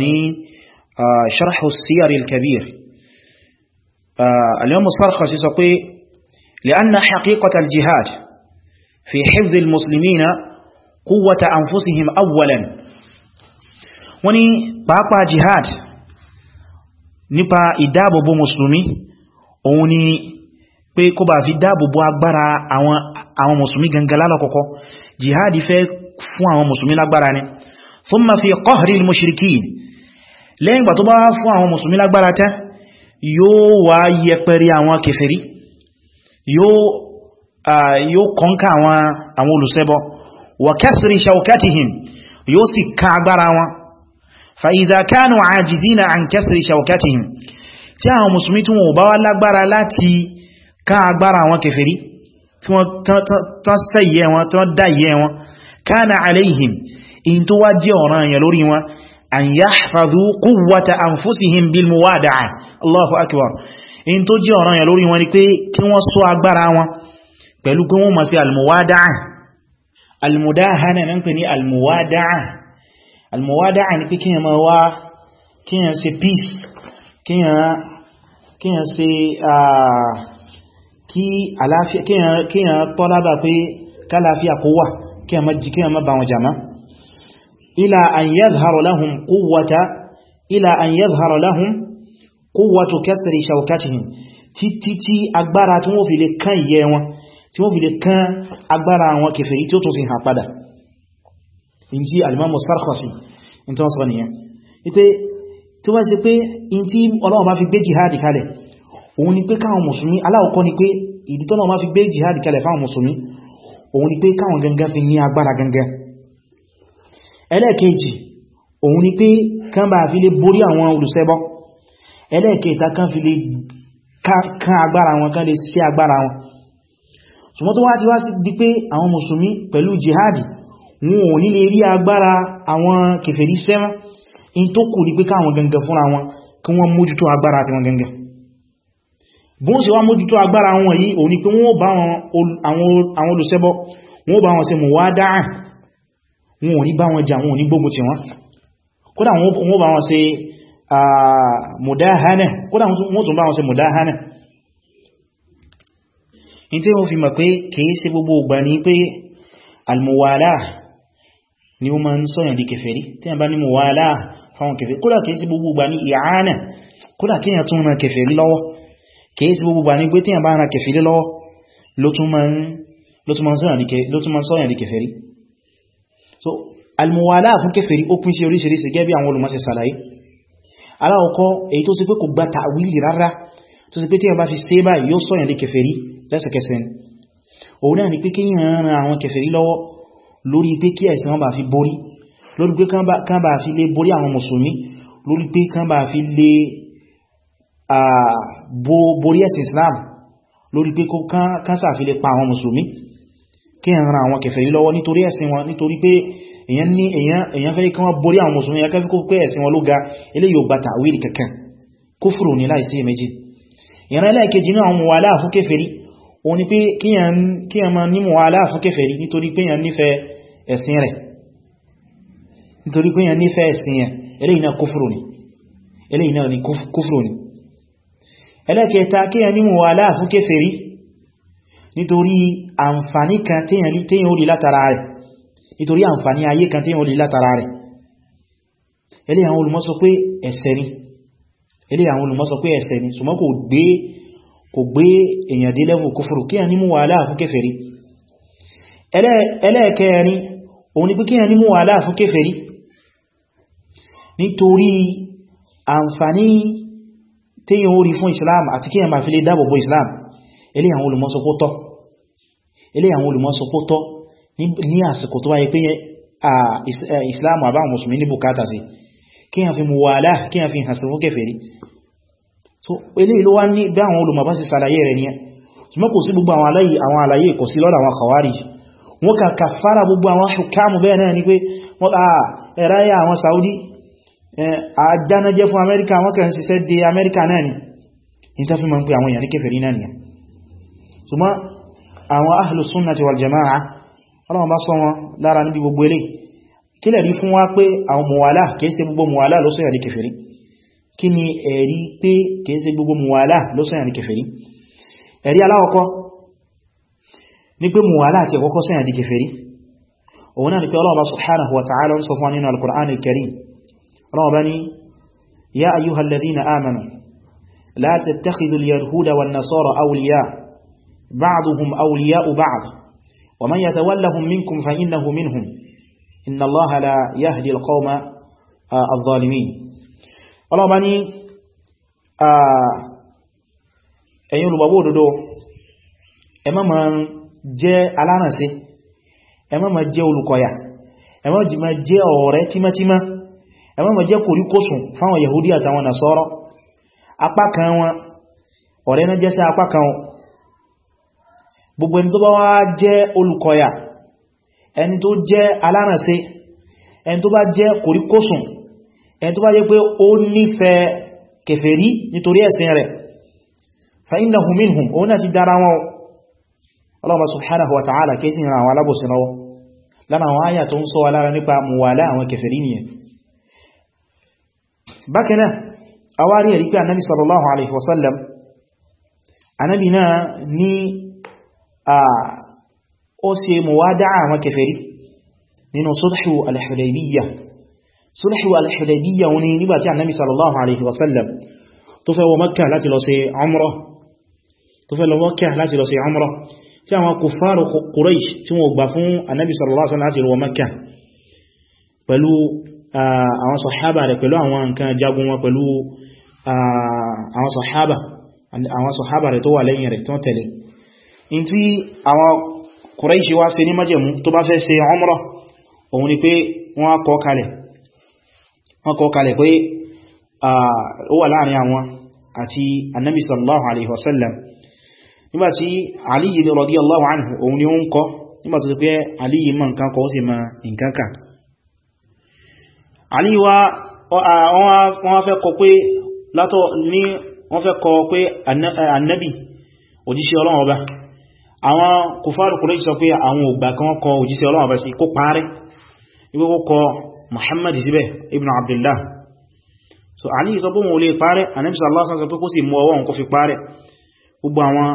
اليوم الصرخسي سقي لأن حقيقة الجهاد في حفظ المسلمين قوة أنفسهم أولا وني بابا جهاد nípa ìdáàbòbò mùsùlùmí òun ni pé kó bá fi dáàbòbò agbára àwọn mùsùlùmí gangan lálọ́kọ̀ọ́kọ́ jihadi fẹ́ fún àwọn mùsùlùmí lágbára ni thumma fi qahri al-mushrikin lẹ́yìn gbà tó bá fún àwọn mùsùlùmí lágbára tán yóò wá yẹpẹrẹ àwọn kèfèrí yóò kọ́nká àwọn olùsẹ́bọ wa kasri shawkatihim yóò sì ká agbára wọn fa idha kanu ajizina an kasri shawkatihim tí àwọn musulmi tí wọ́n bá wá lágbára láti ká agbára àwọn kèfèrí tí wọ́n tán wọn tán an yahfadhu quwwata anfusihim bil muwada'a Allahu akbar in tó jẹ́ ọ̀ràn yẹn lórí wọn ni pé kí wọ́n ṣọ́ agbára wọn pẹ̀lú pé wọ́n máa ṣe almuwada'a almudahana nan pè ní almuwada'a almuwada'a ni pé kíyàn máa wá kíyàn ṣe peace kíyàn ṣe kí àlàáfíà kíyàn tọ́lábà pé kálàáfíà kó wà kíyàn má bá wọn jàmá إلى أن يظهر لهم قوة إلى أن يظهر لهم قوة كسر شوكتهم títí tí agbára tí wọ́n fi lè kán ìyẹ́ wọn tí wọ́n fi lè kán agbára àwọn kèfèrí tí ó tún fi hàn padà in jí alimamu sarkozy in tó sọ nìyàn wípé tí wọ́n ṣe pé in tí Ọlọ́run bá fi gbé jihadi kalẹ̀ òun ni pé káwọn mùsùlùmí aláwọ̀kọ́ ni pé ìdí tí Ọlọ́run bá fi gbé jihadi kalẹ̀ fáwọn mùsùlùmí òun ni pé káwọn gangan fi ní agbára gangan ẹlẹ́ẹ̀kejì òun ni pé kán bá fi lè borí àwọn olùṣẹbọ ẹlẹ́ẹ̀kẹta kán fi lè kán agbára wọn kán lè sí agbára wọn ṣùgbọ́n tó wá ti wá sí di pé àwọn mùsùlùmí pẹ̀lú jihadi wọn ò ní lè rí agbára àwọn kèfèrí sẹ́mọ́ in tó kù ní pé káwọn gangan fúnra wọn kí wọ́n mójútó agbára àti wọn gangan bóún ṣe wá mójútó agbára wọn yìí òun ni pé wọ́n bá àwọn olùṣẹbọ wọ́n bá wọn ṣe mùwádáà wọn ò ní bá wọn jà wọn ò ní gbógun ti wọn kódà wọn bá wọn ṣe mùdáhánà kódà wọn tún bá wọn ṣe mùdáhánà ní tí wọ́n fi mọ̀ pé kìí ṣe gbogbo ìgbà ní pé almuwala ni ó máa ń sọ́yàn di kèfèrí tí a bá ní muwala fáwọn kèfèrí kódà kìí ṣe gbogbo ìgbà ní ìhánà kódà so almuwala fún kèfèrí ó pín sí oríṣiríṣi gẹ́bí àwọn olùmọ́sẹ̀ sàlàyé aláwọ̀kọ́ èyí tó sì pé kò gba tàwílì rárá tó sì pé tí a bá fi ṣe báyìí yóò sọ̀yàn lé kèfèrí lẹ́sẹ̀kẹsẹ̀ ni òun náà ni pé kí yíyan ran àwọn kèfèrí lọ́wọ́ lórí pé kí ẹ̀sìn wọn bá fi borí lórí pé kán bá fi lè borí àwọn mùsùlùmí lórí pé kán bá fi lè borí ẹ̀sìn Islam lórí pé kán sàfi lè pa àwọn mùsùlùmí kí ẹ̀ ran àwọn kèfèrí lọ́wọ́ nítorí ẹ̀sìn wọn nítorí pé èyàn ní èyàn fẹ́ kí wọ́n borí àwọn mùsùlùmí ya kẹfẹ́ kó pé ẹ̀sìn wọn ló ga ilé yóò gbata wíìrì kankan kúfùrù ní láìsí èméjì ìran ẹlẹ́ẹ̀kejì náà mú wà láàfún kèfèrí o ni pé kí ẹ ma ní mú wà láàfún kèfèrí nítorí pé yàn nífẹ̀ẹ́ ẹ̀sìn rẹ̀ nítorí pé ni eléyìí nítorí àǹfàní kan tíyàn orí látara rẹ̀ nítorí àǹfàní ayé kan tíyàn orí látara rẹ̀ ilé àwọn olùmọ̀ sọ pé ẹ̀ṣẹ̀ ni ilé àwọn olùmọ̀ sọ pé ẹ̀ṣẹ̀ ni ṣùgbọ́n kò gbé kò gbé èyàn dé lẹ́wọ̀n kúfùrù kí mú wàhálà fún kèfèrí ẹlẹ́ẹ̀kẹ́rin òun ni pé kí ẹni mú wàhálà fún kèfèrí nítorí àǹfàní tíyàn orí fún Islam àti kí ẹ máa fi lè dáàbò bo Islam ilé àwọn olùmọ̀ sọ ilé àwọn olùmọ́sọpọ̀ tọ́ ní àsìkò tó wáyé pé islam àbáwọn musulmi ní bukata sí kí a fi mú wàhálà kí a fi hàsìkò kèfèrí so ilé ìlú wá ní bí àwọn olùmọ̀ bá sì sàlàyé rẹ̀ ní ẹ ṣùgbọ́n kò sí gbogbo àwọn aláyé àwọn àlàyé kò sí lọ́dọ̀ àwọn kàwárí wọ́n kà kàfàrà Saudi àjánajẹ́ fún Amẹ́ríkà wọ́n kàn ṣiṣẹ́ de Amẹ́ríkà náà ni ìtàfimọ̀ pé àwọn èèyàn ní kèfèrí náà ni àwọn ahlu sunnati wal jama'a ọlọ́wọ́n bá sọ wọn lára níbi gbogbo ilé kí lẹ̀rí fún wá pé àwọn mọ̀wàlá kìí ṣe gbogbo mọ̀wàlá ló sọ́yà ní kèfèrí kí ni ẹ̀rí pé kìí ṣe gbogbo mọ̀wàlá ló sọ́yà ní kèfèrí ẹ̀rí aláwọ̀kọ́ ní pé mọ̀wàlá àti ẹ̀kọ́kọ́ sọ́yà ní kèfèrí òun náà ni pé ọlọ́wọ́ bá subhanahu wa ta'ala ń sọ fún nínú al-Qur'an ọlọ́wọ́ bá ní ya ayyuhal ladhina amanu la tattakhidhu al-yahuda wan-nasara awliya' بعضهم أولياء بعض ومن يتولهم منكم فإنه منهم إن الله لا يهدي القوم الظالمين الله بني ẹ̀yin olùgbàgbọ́ òdodo ẹ má ma jẹ́ alárànṣe ẹ má ma jẹ́ olùkọ̀yà ẹ má ma jẹ́ ọ̀rẹ́ tímátímá ẹ má ma jẹ́ kòríkòsùn fáwọn Yahudi àtàwọn Nasara apá kan wọn ọ̀rẹ́ náà jẹ́ sí apá wọn gbogbo ẹni tó bá wá jẹ́ olùkọ̀yà ẹni tó jẹ́ alárànṣe ẹni tó bá jẹ́ kòríkòsùn ẹni tó bá jẹ́ pé ó nífẹ̀ẹ́ kèfèrí nítorí ẹ̀sìn rẹ̀ fa innahu náà ní ó ṣe muwada'a àwọn kèfèrí nínú sulhu al-Hudaybiyyah sulhu al-Hudaybiyyah wọn ni nígbàtí annabi sallallahu alaihi wasallam tó fẹ́ wọ Makkah láti lọ ṣe umrah tó fẹ́ lọ Makkah láti lọ ṣe umrah tí àwọn kùfàrù Quraysh tí wọ́n gbà fún annabi sallallahu alaihi wasallam láti in tí àwọn Quraishi wá ṣe ní májẹ̀mú tó bá fẹ́ ṣe umrah òun ni pé wọ́n kọ kalẹ̀ wọ́n kọ kalẹ̀ pé ó wà láàrin àwọn àti annabi sallallahu alaihi wasallam nígbàtí aliyu ni radiyallahu anhu òun ni ó ń kọ nígbàtí pé aliyu ma nǹkan kọ ó sì ma nǹkan wa aliyu wọ́n fe kọ pé látọ̀ ni wọ́n fe kọ pé annabi òjíṣẹ́ ọlọ́run ọba àwọn kòfàrù kùrẹ́ sọ pé àwọn ògbà kan kọ òjíṣẹ́ Ọlọ́run bá sí kó parẹ́ ìwé kó kọ Muhammad síbẹ̀ ibn Abdullah so Ali sọ pé wọn lè parẹ́ anẹ́bìsọ aláwọ̀ sọ pé kó sì mú ọwọ́ kó fi parẹ́ gbogbo àwọn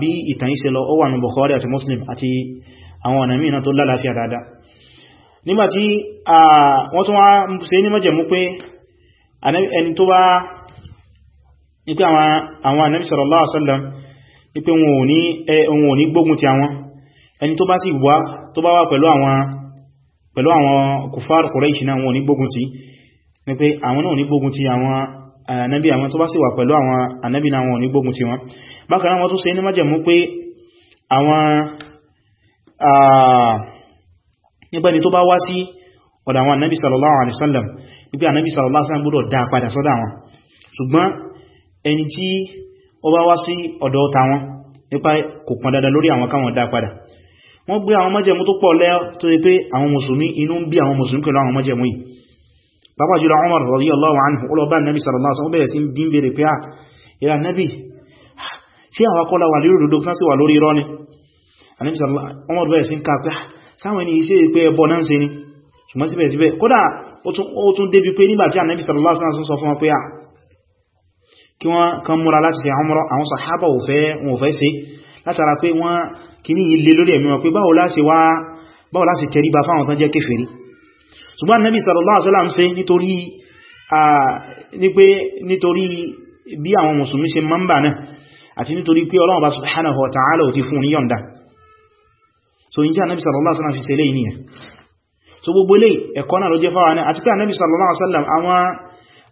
bí ìtàn ìṣẹ́ lọ ó wà ní Bukhari àti Muslim àti àwọn ọ̀nà mìíràn tó lálàáfíà dáadáa nígbàtí wọ́n tún wá ṣe ní mọ́jẹ̀mú pé ẹni tó bá ní pé wípé wọn ò ní gbógun ti àwọn ẹni tó bá sì wá tó bá wà pẹ̀lú àwọn pẹ̀lú àwọn kùfàr Quraishi náà wọn ò ní gbógun ti ní pé àwọn náà ò ní gbógun ti àwọn ànábì àwọn tó bá sì wà pẹ̀lú àwọn ànábì náà wọn ò ní gbógun ti wọn bákan náà wọ́n tún ní májẹ̀mú pé àwọn tó bá wá sí ọ̀dọ̀ àwọn ànábì sallallahu alaihi wasallam wípé ànábì sallallahu alaihi wasallam gbọ́dọ̀ dá padà sọ́dọ̀ àwọn ṣùgbọ́n ẹni ó bá wá sí ọ̀dọ̀ tàwọn nípa kò pọn dada lórí àwọn káwọn dá padà wọ́n gbé àwọn májẹ̀mú tó pọ̀ lẹ́ọ́ tó yẹ pé àwọn mùsùlùmí inú ń bí àwọn mùsùlùmí pẹ̀lú àwọn májẹ̀mú yìí pàápàá jùlọ nabi sallallahu alaihi wasallam bẹ̀rẹ̀ sí bí ń bèèrè ah, nabi ṣe àwọn akọ́lá wà lórí òdòdó kan sí wà lórí irọ́ ni Ànábì sallallahu alaihi wasallam bẹ̀rẹ̀ sí ń ká pé ah, sáwọn ẹni iṣẹ́ pé ni ṣùgbọ́n síbẹ̀síbẹ̀ kódà sallallahu alaihi wasallam sọ kí wọ́n kan múra láti fi umra àwọn sàhábà ò fẹ́ ṣe látara pé wọ́n kì ní ilé lórí ẹ̀mí wọn pé báwo láti wá báwo láti tẹríba fáwọn tán jẹ́ kéfèrí ṣùgbọ́n nabi sallallahu alaihi wasallam ṣe nítorí ní pé nítorí bí àwọn mùsùlùmí ṣe so yin jẹ́ nabi sallallahu alaihi wasallam fi ṣe lẹ́yìn so gbogbo lè ẹ̀kọ́ náà ló jẹ́ fáwọn àti pé nabi sallallahu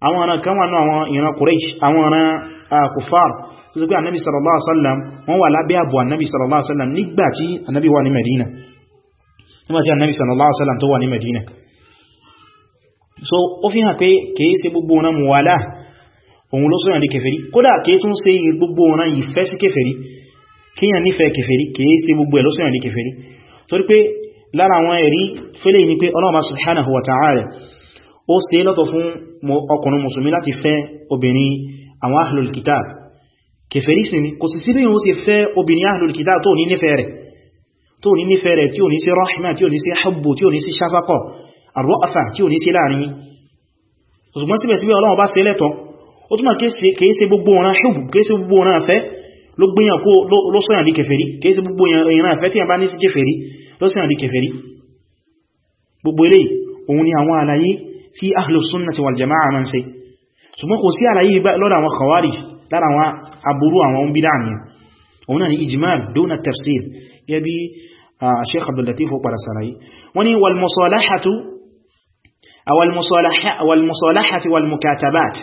àwọn ọ̀nà kan wà náà àwọn ìran Quraysh àwọn ọ̀nà kùfàr tó sì pé annabi sallallahu alaihi wasallam wọ́n wà lábẹ́ àbò annabi sallallahu alaihi wasallam nígbàtí annabi wà ní Medina nígbàtí annabi sallallahu alaihi wasallam tó wà ní Medina so ó fi hàn pé kìí ṣe gbogbo ọ̀nà muwala òun ló sọ́yàn di kèfèrí kódà kìí tún ṣe gbogbo ọ̀nà ìfẹ́ sí kèfèrí kíyàn nífẹ̀ẹ́ kèfèrí kìí ṣe gbogbo ẹ̀ ló sọ́yàn di kèfèrí torí pé lára àwọn ẹ̀rí fẹ́lẹ̀ ní pé Ọlọ́run ó ṣe lọ́tọ̀ fún ọkùnrin musulmi láti fẹ́ obìnrin àwọn ahlul kitab kèfèrí sí ni kò sì sí bí wọ́n ṣe fẹ́ obìnrin ahlul kitab tó ní nífẹ́ rẹ̀ tó ní nífẹ́ rẹ̀ tí ò ní sí rahma tí ò ní sí hubbu tí ò ní sí shafaqo arọ́fà tí ò ní sí láàrin ṣùgbọ́n síbẹ̀síbẹ̀ Ọlọ́run bá ṣe lẹ́tọ̀ ó túnmà òun ni àwọn àlàyé tí ahlus sunnati wal jama'a máa ń ṣe ṣùgbọ́n kò sí àlàyé lọ́dọ̀ àwọn khawarij lára àwọn aburú àwọn bídá ni òun náà ni ijma' duna tafsir gẹ́gẹ́ bí sheikh abdul latif padà sàlàyé wọ́n ni wal musalahatu wal musalahatu wal musalahatu wal mukatabat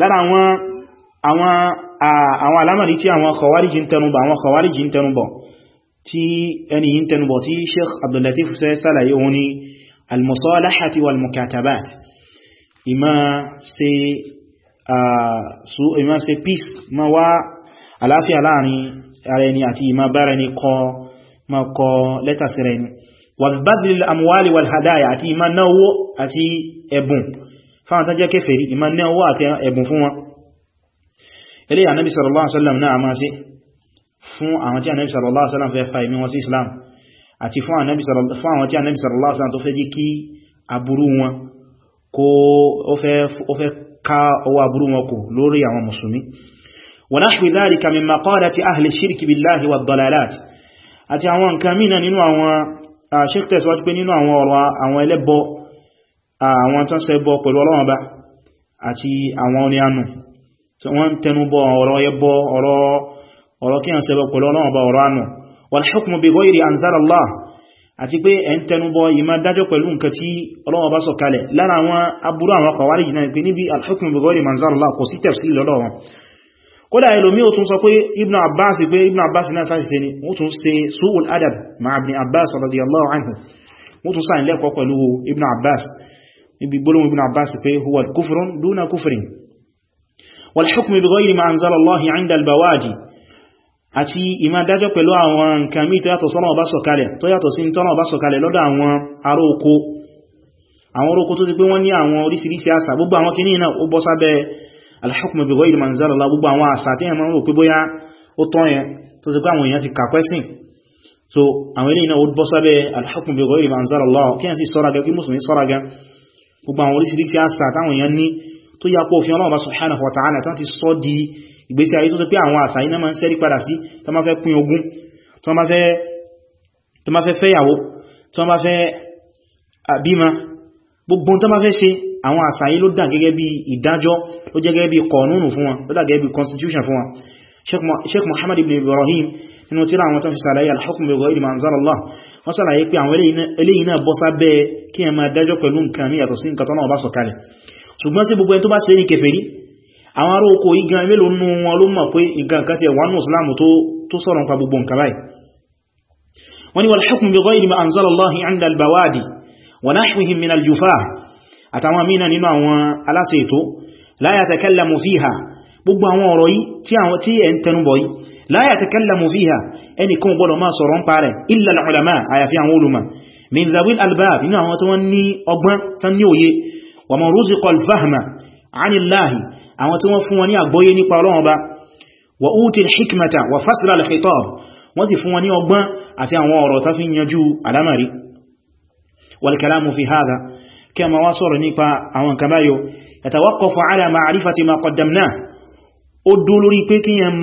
lára àwọn àwọn àwọn alamari tí àwọn khawarij ń almusalahati walmukatabat ima ṣe su ima ṣe peace ma wá àlàáfíà láàrin ara ẹni àti ima bara ni ko ma ko letter sire ni wazbazil amwali wal hadaya àti ima náwó àti ẹ̀bùn fáwọn tán jẹ́ kèfèrí ima náwó àti ẹ̀bùn fún wọn ilé ànábì sallallahu alaihi wasallam náà máa ṣe fún àwọn tí ànábì sallallahu fẹ́ fa ìmí wọn sí islam àti fún àwọn tí Ànábì sallallahu alaihi wasallam tó fẹ́ jí kí aburú wọn kó ó fẹ́ ká ọwọ́ aburú wọn kò lórí àwọn musulmi wa nahwi dhalika min maqalati ahli shirki billahi wa dalalat àti àwọn nǹkan mìíràn nínú àwọn ṣíktẹ̀ sọ́jú pé nínú àwọn ọ̀rọ̀ àwọn ẹlẹ́bọ والحكم بغير أنزل الله àti pé ẹn tẹnubọ ìmá dájọ́ pẹ̀lú nǹkan tí Ọlọ́run bá sọ kalẹ̀ lára àwọn aburú àwọn kọwàrí jìnà pé níbi al-hukmu bighayri ma anzala Allah kò sí tafsil lọ́dọ̀ wọn kódà ẹlòmí ó tún sọ pé Ibn Abbas pé Ibn Abbas náà sáàsì ni ó tún ṣe su'ul adab ma Ibn Abbas radiyallahu anhu ó tún sáà lẹ́kọ́ pẹ̀lú Ibn Abbas níbi gbólóhùn Ibn Abbas àti ìmá dájọ́ pẹ̀lú àwọn nǹkan mí tó yàtọ̀ sọ́nà ọba sọ̀kalẹ̀ tó yàtọ̀ sí tọ́nà ọba sọ̀kalẹ̀ lọ́dọ̀ àwọn ará oko àwọn oró oko tó ti pé wọ́n ní àwọn orísìírísìí àṣà gbogbo àwọn kìíní náà ó bọ́ sábẹ́ al-hukm bi ghayri man anzala Allah so àwọn eléyìí náà ó bọ́ sábẹ́ al-hukm bi ghayri man anzala Allah kí ẹ̀ sì sọ́ra gan kí mùsùlùmí sọ́ra gan gbogbo àwọn orísìírísìí àṣà táwọn ìgbésí ayé tó sọ pé àwọn àṣà iná máa ń sẹ́rí padà sí tó máa fẹ́ pín ogún tó máa fẹ́ fẹ́yàwó tó máa fẹ́ àbímọ gbogbo tó máa fẹ́ ṣe àwọn àṣà yìí ló dà gẹ́gẹ́ bí ìdájọ́ ló jẹ́ gẹ́gẹ́ bí kọ̀ọ̀nùnù fún wọn ló dà gẹ́gẹ́ bí constitution fún wọn sheikh muhammad ibn ibrahim nínú tíra àwọn tó fi sàlàyé al-hukm bi ghayri ma anzala Allah wọ́n sàlàyé pé àwọn eléyìí náà bọ́ sábẹ́ kí ẹ máa dájọ́ pẹ̀lú nǹkan ní yàtọ̀ sí nǹkan tọ́nà ọba sọ̀kalẹ̀ ṣùgbọ́n sí gbogbo ẹ tó bá ṣe ní kèfèrí àwọn ará oko igan mélò nú wọn ló mọ̀ pé igan kan ti ẹ̀wà nù islamu tó sọ̀rọ̀ nípa gbogbo nǹkan báyìí wọ́n ni wal hukmu bi ghayri ma anzala Allahu 'inda al-bawadi wa nahwihim min al-jufah àtàwọn mína nínú àwọn aláṣẹ ètò la yatakallamu fiha gbogbo àwọn ọ̀rọ̀ yìí tí àwọn tí ẹ̀ ń tẹnubọ̀ yìí la yatakallamu máa ń parẹ̀ illa al-ulama àyàfi min zawil albab nínú àwọn tí wọ́n ní ọgbọ́n tán ní òye wa man ruziqa fahma anillahi àwọn tí wọ́n fún wọn ní àgbọ́yé nípa Ọlọ́run ba wa util hikmata wa fasla al-khitab wọ́n sì fún wọn ní ọgbọ́n àti àwọn ọ̀rọ̀ tá fi yanjú àlámọ̀rí wal kalamu fi hadha kama wá sọ̀rọ̀ nípa àwọn kan báyìí yatawaqqafu ala ma'rifati ma qaddamna ó dó lórí pé kíyàn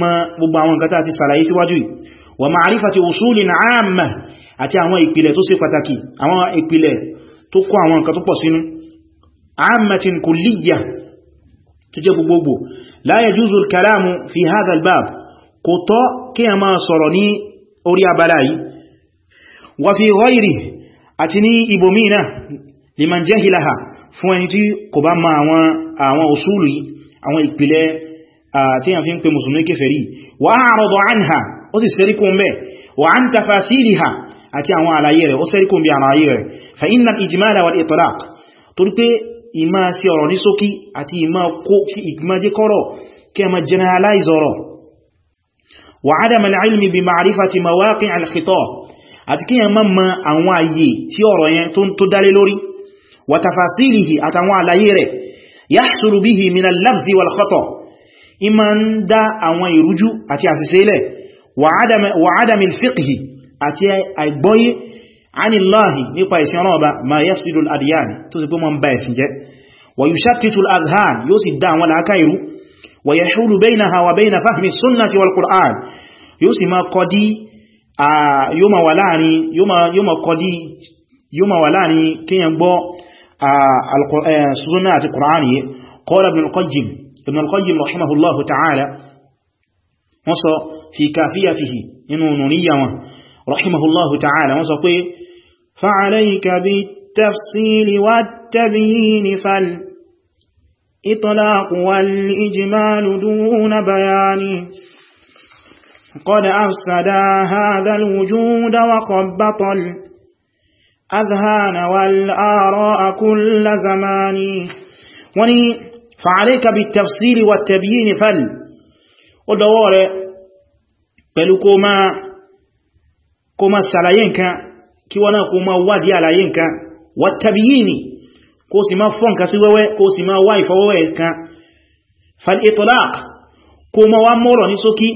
tó jẹ́ gbogbogbò la yajuzu al-kalamu fi hadha al-bab kò tọ́ kí a máa sọ̀rọ̀ ní orí abala yìí wa fi ghayri àti ní ibòmínà liman jahilaha fún ẹni tí kò bá ma àwọn usulu yìí àwọn ìpìlẹ̀ tí a fi ń pè musulmi kèfèrí wa a'rada anha ó sì sẹ́ríkún mẹ́ wa an tafasiliha àti àwọn àlàyé rẹ̀ ó sẹ́ríkún bí àlàyé rẹ̀ fa inna al-ijmala wal itlaq ìmá sí ọ̀rọ̀ ní sókí àti ìmá jẹ́ kọ́rọ̀ kí a ma generalize ọ̀rọ̀ wà ádámà al-ilmi bí ma'rifati mawaqi' al-khitab àti kí a ma ma àwọn àyè tí ọ̀rọ̀ yẹn tó dálé lórí wà tafasilihi àtàwọn àlàyé rẹ̀ yahsulu bihi min al-lafzi wal khata ìmá ń dá àwọn ìrújú àti ma yafsidu al-adyan tó sì pé mọ́ ń bá ìsìn ويشتت الأذهان دان ولا كيرو ويحول بينها وبين فهم السنة والقرآن يسمى قدي آه، يوم ولاني يوم يوم قدي يوم ولاني كي ينبو آه، آه، سنة القرآن قال ابن القيم ابن القيم رحمه الله تعالى وصى في كافيته إنه نونية رحمه الله تعالى وصى فعليك بالتفصيل والتبيين فال إطلاق والإجمال دون بيان قد أفسدا هذا الوجود وخبط الأذهان والآراء كل زمان وني فعليك بالتفصيل والتبيين فل ودوار بلكو ما كما سلاينك كي وانا كما وادي على ينك والتبيين kó sì máa fọ́n kan sí wẹ́wẹ́ kó sì máa wá ìfọwọ́wẹ́ kan fal-itlaq kó ma wá mọ́rọ̀ ní sókí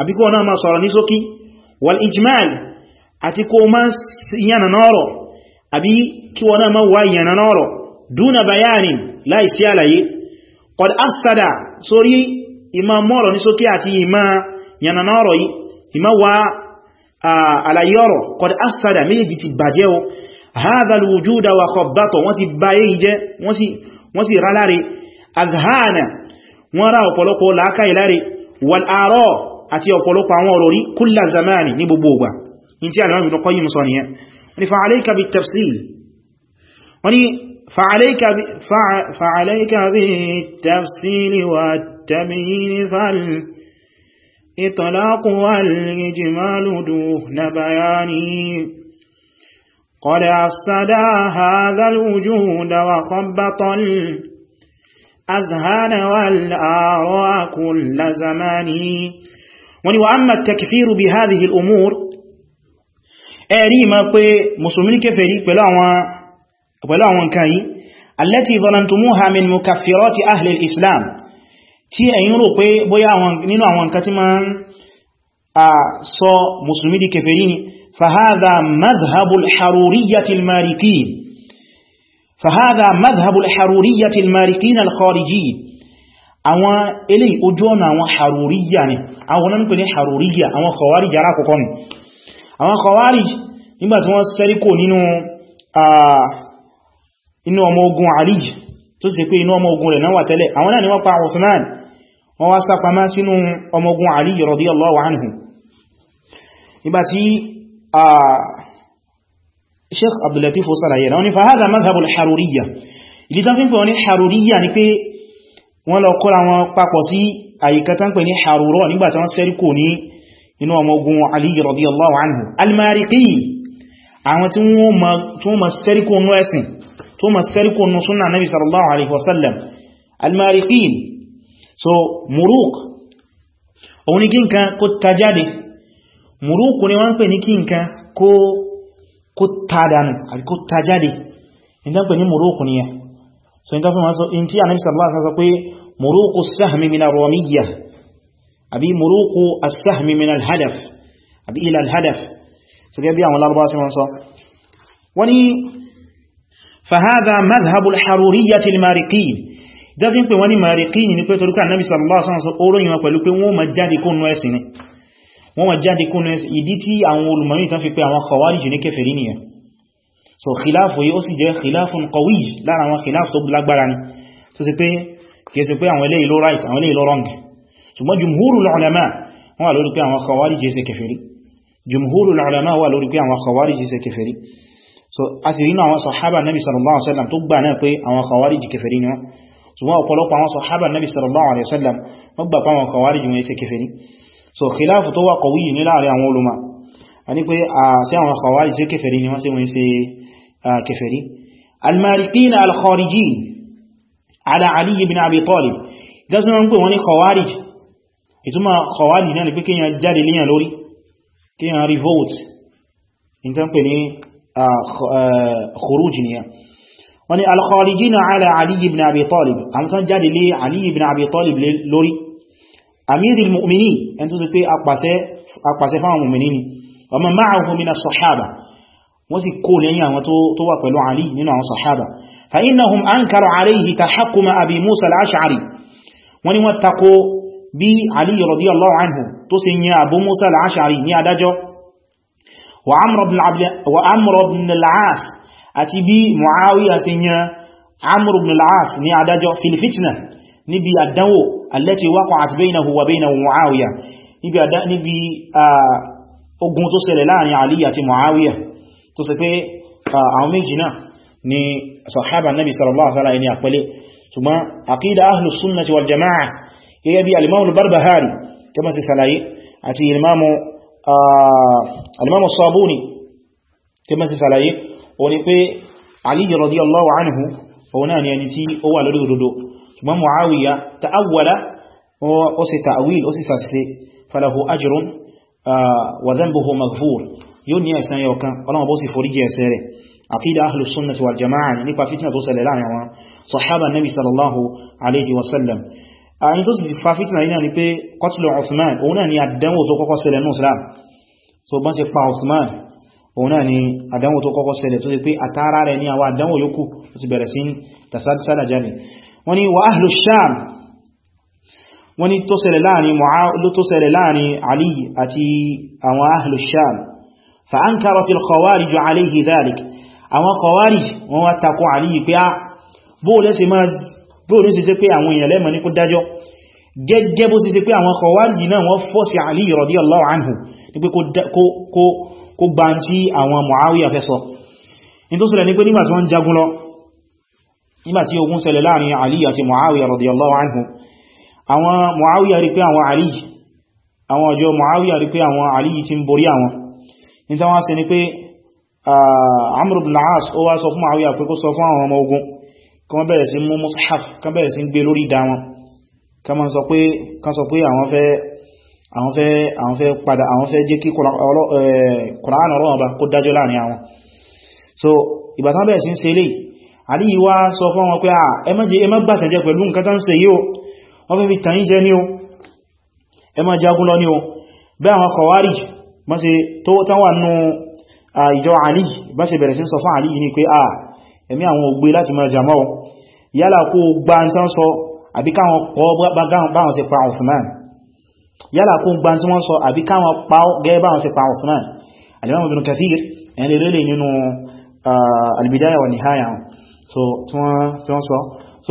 àbí kó náà ma sọ̀rọ̀ ní sókí wal-ijmal àti kó ma yànà nọ́rọ̀ àbí kí wọ́n náà ma wá yànà nọ́rọ̀ dúnà bayani láì sí àlàyé qad afsada sórí هذا الوجود وقبضته وخبطه وانسي بايج وانسي رالاري اذهان وراء وقلوكو لاكا يلاري والآراء اتي وقلوكو وروري كل الزمان زمان نبوبوبا انتي على نبوبوبا قيم صانية يعني فعليك بالتفصيل وني يعني فعليك ب... فع... فعليك بالتفصيل والتمهيد فال اطلاق والاجمال دون بياني قد أفسد هذا الوجود وخبط الأذهان والآراء كل زمان وأما التكفير بهذه الأمور أري ما pé مسلمين كفري pẹ̀lú àwọn التي ظننتموها من مكفرات أهل الإسلام تي أين روبي بويا bóyá nínú àwọn sọ musulmi di kèfèrí ni fahádà mazhabul haruriyyatil marikin fahádà mazhabul haruriyyatil marikin al-khariji àwọn ilé ojú ọ̀nà àwọn haruriyya ni àwọn náà ń pè ní haruriyya àwọn khawarij jara kọ̀kọ́ ni àwọn khawarij nígbàtí wọ́n sẹ́ríkò nínú inú ọmọ ogun alij tó sì pé inú ọmọ ogun rẹ̀ náà tẹ́lẹ̀ àwọn náà ni wọ́n pa Uthman wọ́n wá sápamá sínú ọmọgun Ali radiyallahu anhu nígbà tí a Sheikh Abdul Latif sàlàyé náà ni fa hadha madhhabu al-Haruriyya ìdí tán fífẹ́ wọn ni Haruriyya ni pé wọ́n lọ kọ́ra wọn papọ̀ sí àyíkátán pẹ̀ ní Harura nígbàtí wọ́n sẹ́rí kò ní inú ọmọgun Ali radiyallahu anhu al-Mariqi àwọn tí wọ́n ma sẹ́rí so muruk òun ni kí nǹkan kó ta jáde muruk ni wọ́n ń pè ní kí nǹkan kó ta dànù àbí kó ta jáde ní tán pè ní muruk ni yẹn so ní tán fi wọ́n sọ in tí Ànábì sallallahu alaihi wasallam sọ pé muruku sahmi min ar-ramiyya àbí muruku as-sahmi min àbí ila al so gẹ́gẹ́ bí àwọn lárúbá sí wọ́n sọ wọ́n فهذا مذهب الحرورية المارقين jọ́sí ń pè wọ́n ní mariqini ní pé torúkà náà bísà lọ́wọ́ sọ́nà oróyìn wọn pẹ̀lú pé wọ́n ma jáde kónú ẹ̀sìn ni wọ́n ma jáde kónú ẹ̀sìn ìdí ní so khilafu yìí ó sì jẹ́ khilafun qawi lára àwọn khilafu tó lágbára ni tó sì pé kìí sì pé àwọn eléyìí ló right àwọn eléyìí ló wrong ṣùgbọ́n jumhurul ulama wọ́n wà lórí pé àwọn khawarij ṣe kèfèrí jumhurul ulama wà lórí pé so a sì rí náà àwọn sahaba nabi sallallahu alaihi wasallam tó gbà náà pé àwọn khawarij kèfèrí ni ṣùgbọ́n ọ̀pọ̀lọpọ̀ àwọn sọ̀hábà nabi sallallahu alaihi wasallam wọ́n gbà pàwọn kọwàrí jùmọ̀ iṣẹ́ kèfèrí so khilafu tó wà kọ̀wí ní láàrin àwọn olùmọ̀ a ní pé a sí àwọn kọwàrí jẹ́ kèfèrí ni wọ́n sí wọ́n iṣẹ́ kèfèrí al-mariqin al-kharijin ala ali ibn abi talib gasu wọn pè wọ́n ní kọwàrí ìtumọ̀ kọwàrí náà ni pé kíyàn jáde líyàn lórí kíyàn revolt in tán pè ní khuruj nìyàn wọ́n ni alkharijina ala aliyu ibn abi talib àwọn tán jáde lé aliyu ibn abi talib lórí amirul mu'mini ẹni tó sì pé apàṣẹ fáwọn mu'mini ni ọmọ ma'ahu mina sahaba wọ́n sì kó lẹ́yìn àwọn tó wà pẹ̀lú ali nínú àwọn sahaba fa innahum ankaru alayhi tahakkuma abi musa al-ash'ari wọ́n ni wọ́n tako bí ali radiyallahu anhu tó sì yẹ abu musa al-ash'ari ní adájọ́ wa amr ibn al-aas àti bí Muawiya ṣe yan Amr ibn al-As ní adájọ́ fil fitna níbi àdánwò allati waqa'at baynahu wa bayna Muawiya níbi ogun tó ṣẹlẹ̀ láàrin Ali àti Muawiya tó ṣe pé àwọn méjì náà ni sahaba nabi sallallahu alaihi wasallam ni àpẹẹlẹ̀ ṣùgbọ́n aqida ahlus sunnati wal jama'a gẹ́gẹ́ bí al-Imam sabuni kama ṣe ṣàlàyé ó ní pé Ali radiyallahu anhu òun náà ni ẹni tí ó wà lórí òdodo ṣùgbọ́n Muawiya ta'awwala ó sì ta'awil ó sì sàṣìṣe falahu ajrun wa dhanbuhu maghfur yóò ní ẹ̀san yọ kan ọlọ́wọ́ bó sì foríjì ẹ̀ṣẹ̀ rẹ̀ aqida ahlu sunnati wal jama'a nípa fitna tó ṣẹlẹ̀ láàrin àwọn sahaba nabi sallallahu alaihi wasallam àyí tó sì fa fitna yìí náà ni pé qatlu Uthman òun náà ni àdánwò tó kọ́kọ́ ṣẹlẹ̀ ní Islam so bọ́n sì pa Uthman òun náà ni àdánwò tó kọ́kọ́ ṣẹlẹ̀ tó ti pé àtàrà rẹ̀ ní àwọn àdánwò yòókù tó ti bẹ̀rẹ̀ sí tasádìsádà jáde wọ́n ni wa ahlu sham wọ́n ni tó ṣẹlẹ̀ láàrin Mu'awiyah tó ṣẹlẹ̀ láàrin Ali àti àwọn ahlu sham fa ankara fil khawarij alayhi dhalik àwọn khawarij wọ́n wá takò Ali pé a bóòlẹ́ sí pé àwọn èèyàn kó gba tí àwọn Muawiya fẹ́ sọ in tó ṣẹlẹ̀ ní pé nígbàtí wọ́n jagun lọ nígbàtí ogun ṣẹlẹ̀ láàrin Ali àti Muawiya radiyallahu anhu àwọn Muawiya rí pé àwọn Ali àwọn ọjọ́ Muawiya rí pé àwọn Ali ti ń borí àwọn ní tánwà ṣe ni pé Amr ibn al-As ó wá sọ fún pé kó sọ àwọn fẹ́ àwọn fẹ́ padà àwọn fẹ́ jẹ́ kí Kùránì ọ̀rọ̀ ọba kó dájọ́ láàrin àwọn so ìbátan bẹ̀rẹ̀ sí ń ṣe eléyìí àríyí wá sọ fún wọn pé à ẹmọ́jẹ ẹmọ́gbàtẹ̀jẹ́ pẹ̀lú nǹkan tán se yíò wọ́n fẹ́ fi tàn yín jẹ ní o ẹmọ́ jagun lọ ní o bẹ́ àwọn kọwárì mọ́sí tó tán wà nú ìjọ àlì bá ṣe bẹ̀rẹ̀ sí sọ fún àlì ní pé à ẹ̀mí àwọn ògbé láti mọ́ jàmọ́ yálà kó gbá ń tán sọ àbí káwọn pọ̀ báwọn yálà kó gbá tí wọ́n sọ àbí káwọn gẹ́ẹ̀bá wọn sí pa Uthman al-Imam Ibn Kathir ẹni rẹ̀lẹ̀ nínú al-Bidaya wa Nihaya so tí wọ́n sọ so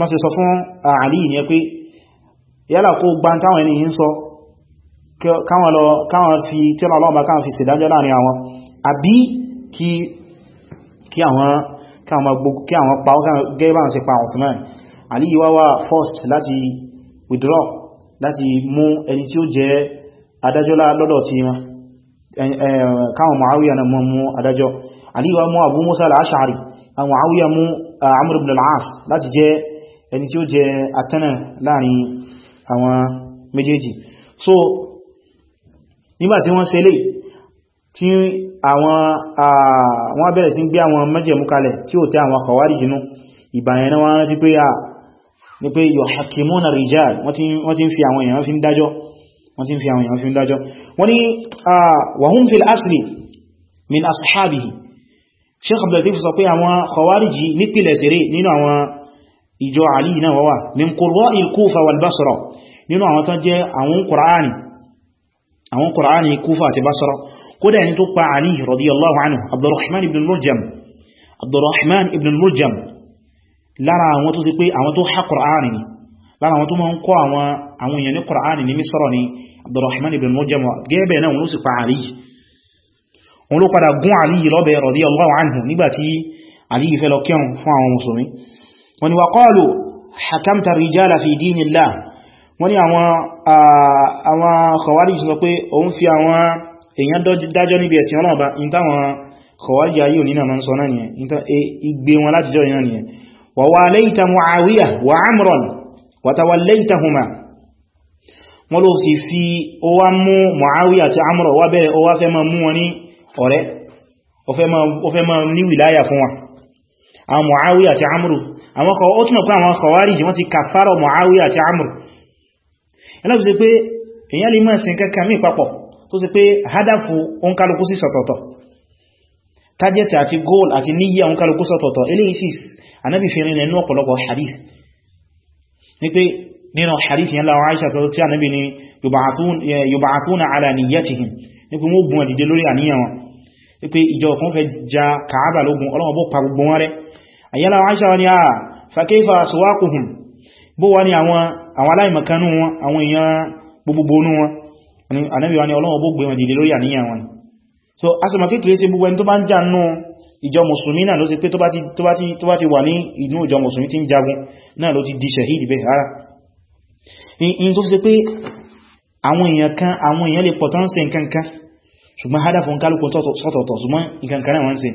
bá ṣe sọ fún Ali ní pé yálà kó gbá táwọn ẹni yìí sọ káwọn fi tíra ọlọ́ọ̀bá káwọn fi ṣèdájọ́ láàrin àwọn àbí kí àwọn pa gẹ́ẹ̀bá wọn sí pa Uthman Ali wá wá first láti withdraw láti mú ẹni tí ó jẹ́ adájọ́ lọ́dọ̀ tí wọn káwọn Muawiya na mọ́ mú adájọ́ aliwa mú Abu Musa al-Ash'ari àwọn Muawiya mú Amr ibn al-As láti jẹ́ ẹni tí ó jẹ́ atẹ́nà láàrin àwọn méjèèjì so nígbàtí wọ́n ṣe lè tí àwọn wọ́n bẹ̀rẹ̀ sí gbé àwọn májẹ̀mú kalẹ̀ tí ó tẹ́ àwọn Khawarij nínú ìbàyẹn náà rántí pé ní pé yóò hakimuna rijal wọ́n ti ń fi àwọn èèyàn fi ń dájọ́ wọ́n ti ń fi àwọn èèyàn fi ń dájọ́ wọ́n ni wa hum fil asli min ashabihi sheikh abdullatif sọ pé àwọn khawariji nípìlẹ̀ sèré nínú àwọn ìjọ ali náà wọ́wà min qurra'i al-kufa wal basra nínú àwọn tán jẹ́ àwọn qur'ani àwọn qur'ani kufa àti basra kódà ẹni tó pa ali radiyallahu anhu abdurrahman ibn al lára àwọn tó sì pé àwọn tó há Kùránì ni lára àwọn tó máa ń kọ́ àwọn èèyàn ní Kùránì ní mísọ́rọ̀ ni Abdurrahman ibn Muljam gẹ́ẹ̀bẹ̀ náà wọn ló sì pa Ali wọn ló padà gún Ali lọ́bẹ̀ radiyallahu anhu nígbàtí Ali fẹ́ lọ kẹun fún àwọn mùsùlùmí wọn ni wa qalu hakamta rijala fi dinillah wọ́n ní àwọn Khawarij sọ pé òun fi e, láti jọ ìyàn nìyẹn وواليت معاوية وعمرا وتوليتهما wọ́n ló sì fi ó wá mú Muawiya àti Amru wá bẹ̀rẹ̀ ó wá fẹ́ máa mú wọn ní ọ̀rẹ́ ó fẹ́ máa ní wìláyà fún wa àwọn Muawiya àti Amru àwọn ọkọ̀ ó túnmọ̀ pé àwọn Khawarij wọ́n ti kàfàrọ̀ Muawiya àti Amru ẹlọ́bí sí pé èyàn lè goal àti níyà oúnkálukú sọ̀tọ̀tọ̀ eléyìí anábì fi rinlẹ̀ inú ọ̀pọ̀lọpọ̀ hadith ní pé nínú hadith yẹn láwọn aisha tó tí anábì ni yub'athuna ala niyyatihim ní pé wọ́n gun àdìdẹ lórí àníyàn wọn ní pé ìjọ kan fẹ́ ja kàábà lógun ọlọ́wọ́ bó pa gbogbo wọn rẹ so asọ̀mọ̀ kéèkèé ṣe gbogbo ẹni tó bá ń jà nú ìjọ mùsùlùmí náà ló ṣe pé tó bá ti wà ní inú ìjọ mùsùlùmí tí ń jagun náà ló ti di ṣẹ̀hídì bẹ́ẹ̀ rárá in tó ṣe pé àwọn èèyàn kan àwọn èèyàn lè pọ̀ tán ṣe nǹkankan ṣùgbọ́n hádà fún kálùkù sọ́tọ̀ọ̀tọ̀ ṣùgbọ́n nǹkankan náà wọ́n ṣe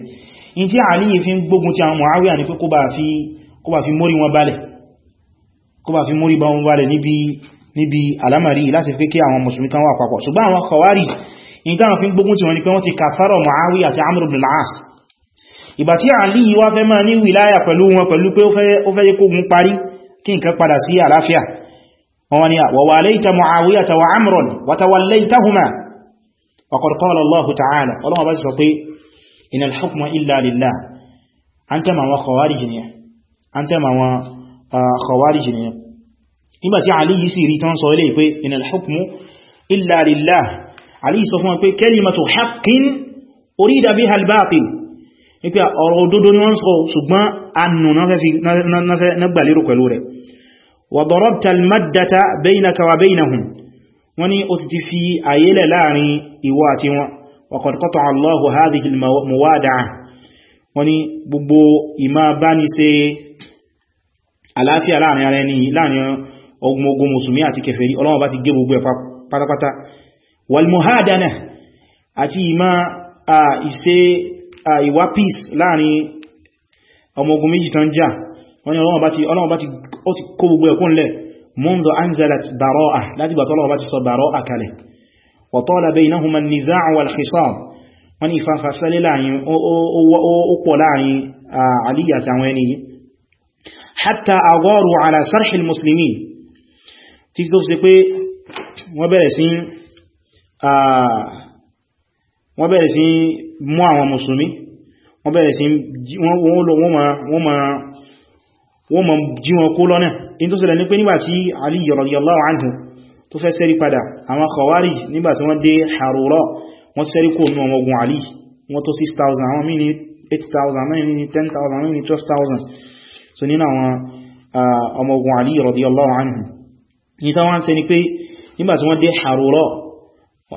in tí àlì yìí fi ń gbógun ti àwọn Muawiya ní pé kó bá fi mórí wọn balẹ̀ alamari láti fi kí àwọn mùsùlùmí kan wà papọ̀ ṣùgbọ́n àwọn in táwọn fi ń gbógun ti wọn ni pé wọ́n ti kàfàrọ̀ Muawiya àti Amr ibn al-As ìgbà tí Ali wá fẹ́ máa ní wìláyà pẹ̀lú wọn pẹ̀lú pé ó fẹ́ yẹ kógun parí kí nǹkan padà sí àlàáfíà wọn ni wa walayta Muawiya wa Amran wa tawallaytahuma wa qad qala Allah ta'ala Ali sọ fún wa pé kalimatu haqqin urida biha al-batil ní pé ọ̀rọ̀ òdodo ni wọ́n sọ ṣùgbọ́n anù na gbàlérò pẹ̀lú rẹ̀ wa darabta al-maddata baynaka wa baynahum wọ́n ni ó sì ti fi ayélẹ̀ láàrin ìwọ àti wọn wa qad qata'a Allahu hadhihi al-muwada'a wọ́n ni walmuhadana àti ìmá ìṣe ìwà peace láàrin ọmọ ogun méjì tán jà wọ́n ni ọlọ́wọ́ bá ti kó gbogbo ẹ̀kún lẹ̀ منذ أنزلت براءة لا تبقى طلبة براءة كله وطال بينهما النزاع والخصام wọ́n ìfàfàṣẹ́lé láàrin ọ̀pọ̀ láàrin àlì àtàwọn ẹni hatta agọ́rù ala sarhil muslimin tí tó ṣe pé wọ́n bẹ̀rẹ̀ sí wọ́n bẹ̀rẹ̀ sí mú àwọn mùsùlùmí wọ́n bẹ̀rẹ̀ sí wọ́n ma jí wọn kó lọ́nà in tó ṣẹlẹ̀ ní pé nígbàtí Ali radiyallahu anhu tó fẹ́ sẹ́rí padà àwọn Khawarij nígbàtí wọ́n dé Harura wọ́n sẹ́rí kó nù ọmọ ogun Ali wọ́n tó 6,000 àwọn mí 8,000 mí ní 10,000 mí ní 12,000 so nínú àwọn ọmọ ogun Ali radiyallahu anhu ní táwọn ṣe ni pé nígbàtí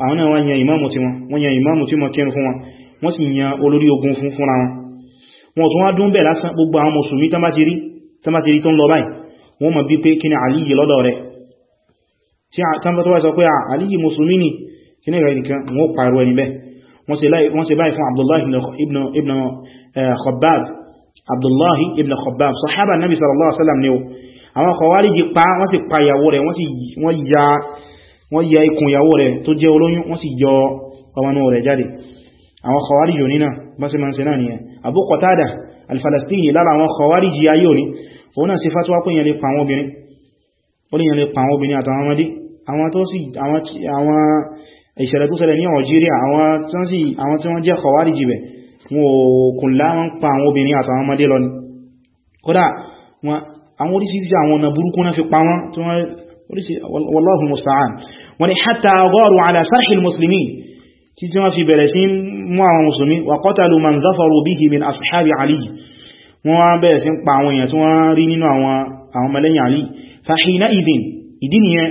àwọn náà wọ́n yan ìmáàmù tí wọ́n wọ́n yan ìmáàmù tí wọ́n kẹrin fún wọn wọ́n sì yan olórí ogun fún fúnra wọn wọ́n tún wá dún bẹ̀ lásán gbogbo àwọn mùsùlùmí tán bá ti rí tó ń lọ báyìí wọ́n mọ̀ bí pé kí ni àlíyì lọ́dọ̀ rẹ̀ tí tán bá tó wá sọ pé àlíyì mùsùlùmí ni kí ni rẹ̀ nìkan wọ́n pàrọ ẹni bẹ́ wọ́n sì báyìí fún Abdullahi ibn eh, Khabbab wọ́n yẹ ikùn ìyàwó rẹ̀ tó jẹ́ olóyún wọ́n sì yọ ọmọnú rẹ̀ jáde àwọn khawarij yóò nínà bá sí mọ́sí náà nìyẹn Abu Qatada al-Falastini lára àwọn khawarij yá yóò ní òun náà sí fatuwa pé yẹn lè pa àwọn obìnrin ó lè yẹn lè pa àwọn Algeria àwọn tí wọ́n jẹ́ khawarij jibẹ̀ wọn ò kùn láwọn pa àwọn obìnrin àtàwọn ọmọdé lọ ni kódà àwọn orísìírísìí àwọn ọ̀nà burúkú náà والله المستعان wọ́n ní hatta agharu ala sarh almuslimin tí tí wọ́n fi bẹ̀rẹ̀ sí mú àwọn musulmi wa qatalu man zafaru bihi min ashabi ali wọ́n wá bẹ̀rẹ̀ sí pa àwọn èèyàn tí wọ́n rí nínú àwọn àwọn mẹ́lẹ́yìn ali fa hina idhin ìdí nìyẹn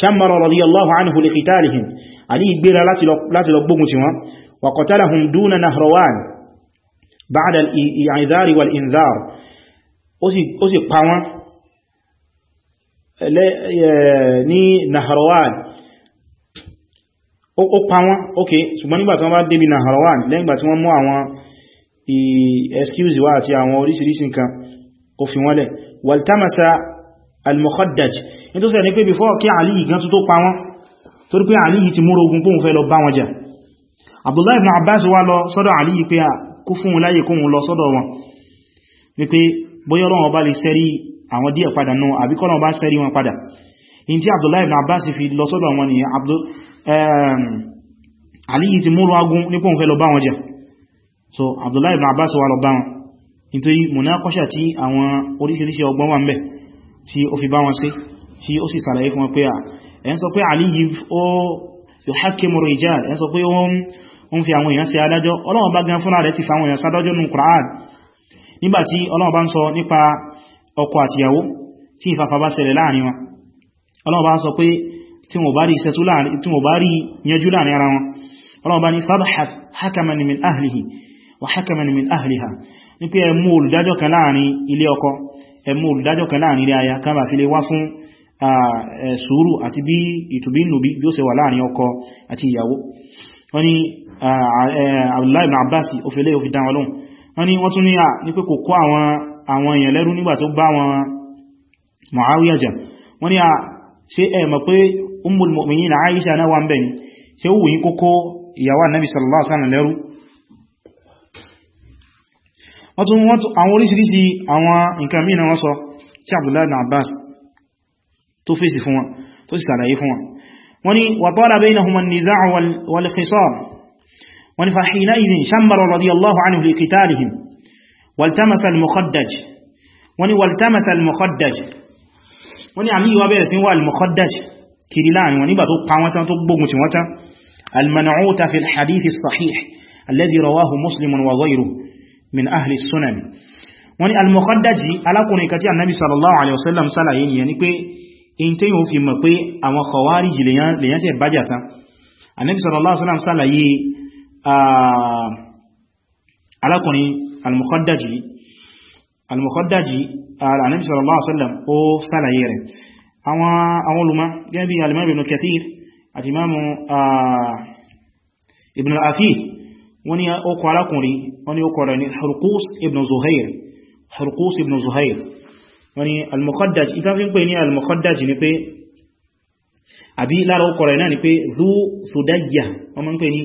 shammara radiyallahu anhu li qitalihim ali gbéra láti lọ gbógun ti wọn wa qatalahum duna nahrawan ba'da al-i'zari wal-inzar ó sì pa wọ́n E, ní Naharawan ó pa wọ́n ok ṣùgbọ́n nígbà tí wọ́n bá débi Naharawan lẹ́yìngbà tí wọ́n mú àwọn excuse wá àti àwọn oríṣiríṣi nǹkan ó fi wọ́n lẹ̀ waltamasa al-Mukhaddaj ní tó sẹ́ni pé before kí Ali gan tó pa wọ́n torí pé Ali ti múrò ogun póun fẹ́ lọ bá wọn jà Abdullahi ibn Abbas wá àwọn díẹ̀ padà nù àbí kọ́nà bá sẹ́rí wọn padà in tí Abdullahi ibn Abbas fi lọ sọ́dọ̀ wọn ni aliyu ti múrò agun nípò ń fẹ́ lọ bá wọn jà so Abdullahi ibn Abbas wà lọ bá wọn nítorí munakọ́ṣà tí àwọn oríṣiríṣi ọgbọ́n wà ń bẹ tí ó fi bá wọn sí tí ó sì sàlàyé fún wọn pé à ẹn sọ pé aliyu ó yuhakimu rijal ẹn sọ pé ó ń fi àwọn èèyàn sí adájọ́ Ọlọ́run bá gan fúnra rẹ̀ ti fa àwọn èèyàn sádájọ́ nù Qur'an nígbàtí Ọlọ́run bá ń sọ nípa ọkọ àtìyàwó tí ìfàfà bá ṣẹlẹ̀ láàrin wọn ọlọ́wọ́ bá sọ pé tí wọ́n bá rí yẹjú láàrin ara wọn ọlọ́wọ́ bá ní fabhath min ahlihi wa min ahliha ní pé ẹmú olùdájọ́ kan láàrin ilé ọkọ ẹmú olùdájọ́ kan láàrin ilé aya kan bá fi lè wá fún sùúrù àti bí ìtùbínúbí bí ni Abdullahi ibn Abbas ó àwọn èèyàn lẹ́rú nígbà tó bá wọn Muawiya jà wọ́n ní a ṣe ẹ mọ̀ pé Ummul Mu'minin Aisha náà wà ń bẹ̀ ni ṣe ó wùyí kókó ìyàwó Nabi sallallahu alaihi wasallam lẹ́rú wọ́n tún wọ́n àwọn oríṣiríṣi àwọn nǹkan mìíràn wọ́n sọ tí Abdullahi ibn Abbas tó fèsì fún wọn tó sì sàlàyé fún wa tala baynahuma والتمس المخدج وني والتمس المخدج وني علي وابير سين والمخدج كيرلان وني باتو قاوان تان تو غبوغون تي وان المنعوت في الحديث الصحيح الذي رواه مسلم وغيره من اهل السنن وني المخدج على كوني كاتي النبي صلى الله عليه وسلم صلى يني يعني بي in te yóò fi mọ̀ pé àwọn kọwàríjì lèyàn ṣe bájá tán. annabi sallallahu alaihi wasallam sálàyé alákùnrin al-Mukhaddaji al-Mukhaddaji al-Anabi sallallahu alaihi wasallam ó sàlàyé rẹ̀ àwọn olùmọ́ gẹ́gẹ́ bí al-Imam Ibn Kathir àti Imam Ibn al-Athir wọ́n ní ó kọ alákùnrin wọ́n ní ó kọ rẹ̀ ní Hurqus ibn Zuhair Hurqus ibn Zuhair wọ́n ní al-Mukhaddaji ìtàn fi ń pè ní al-Mukhaddaji ni pé àbí lára ó kọ rẹ̀ náà ni pé Dhu Thudayya wọ́n mọ́ ń pè ní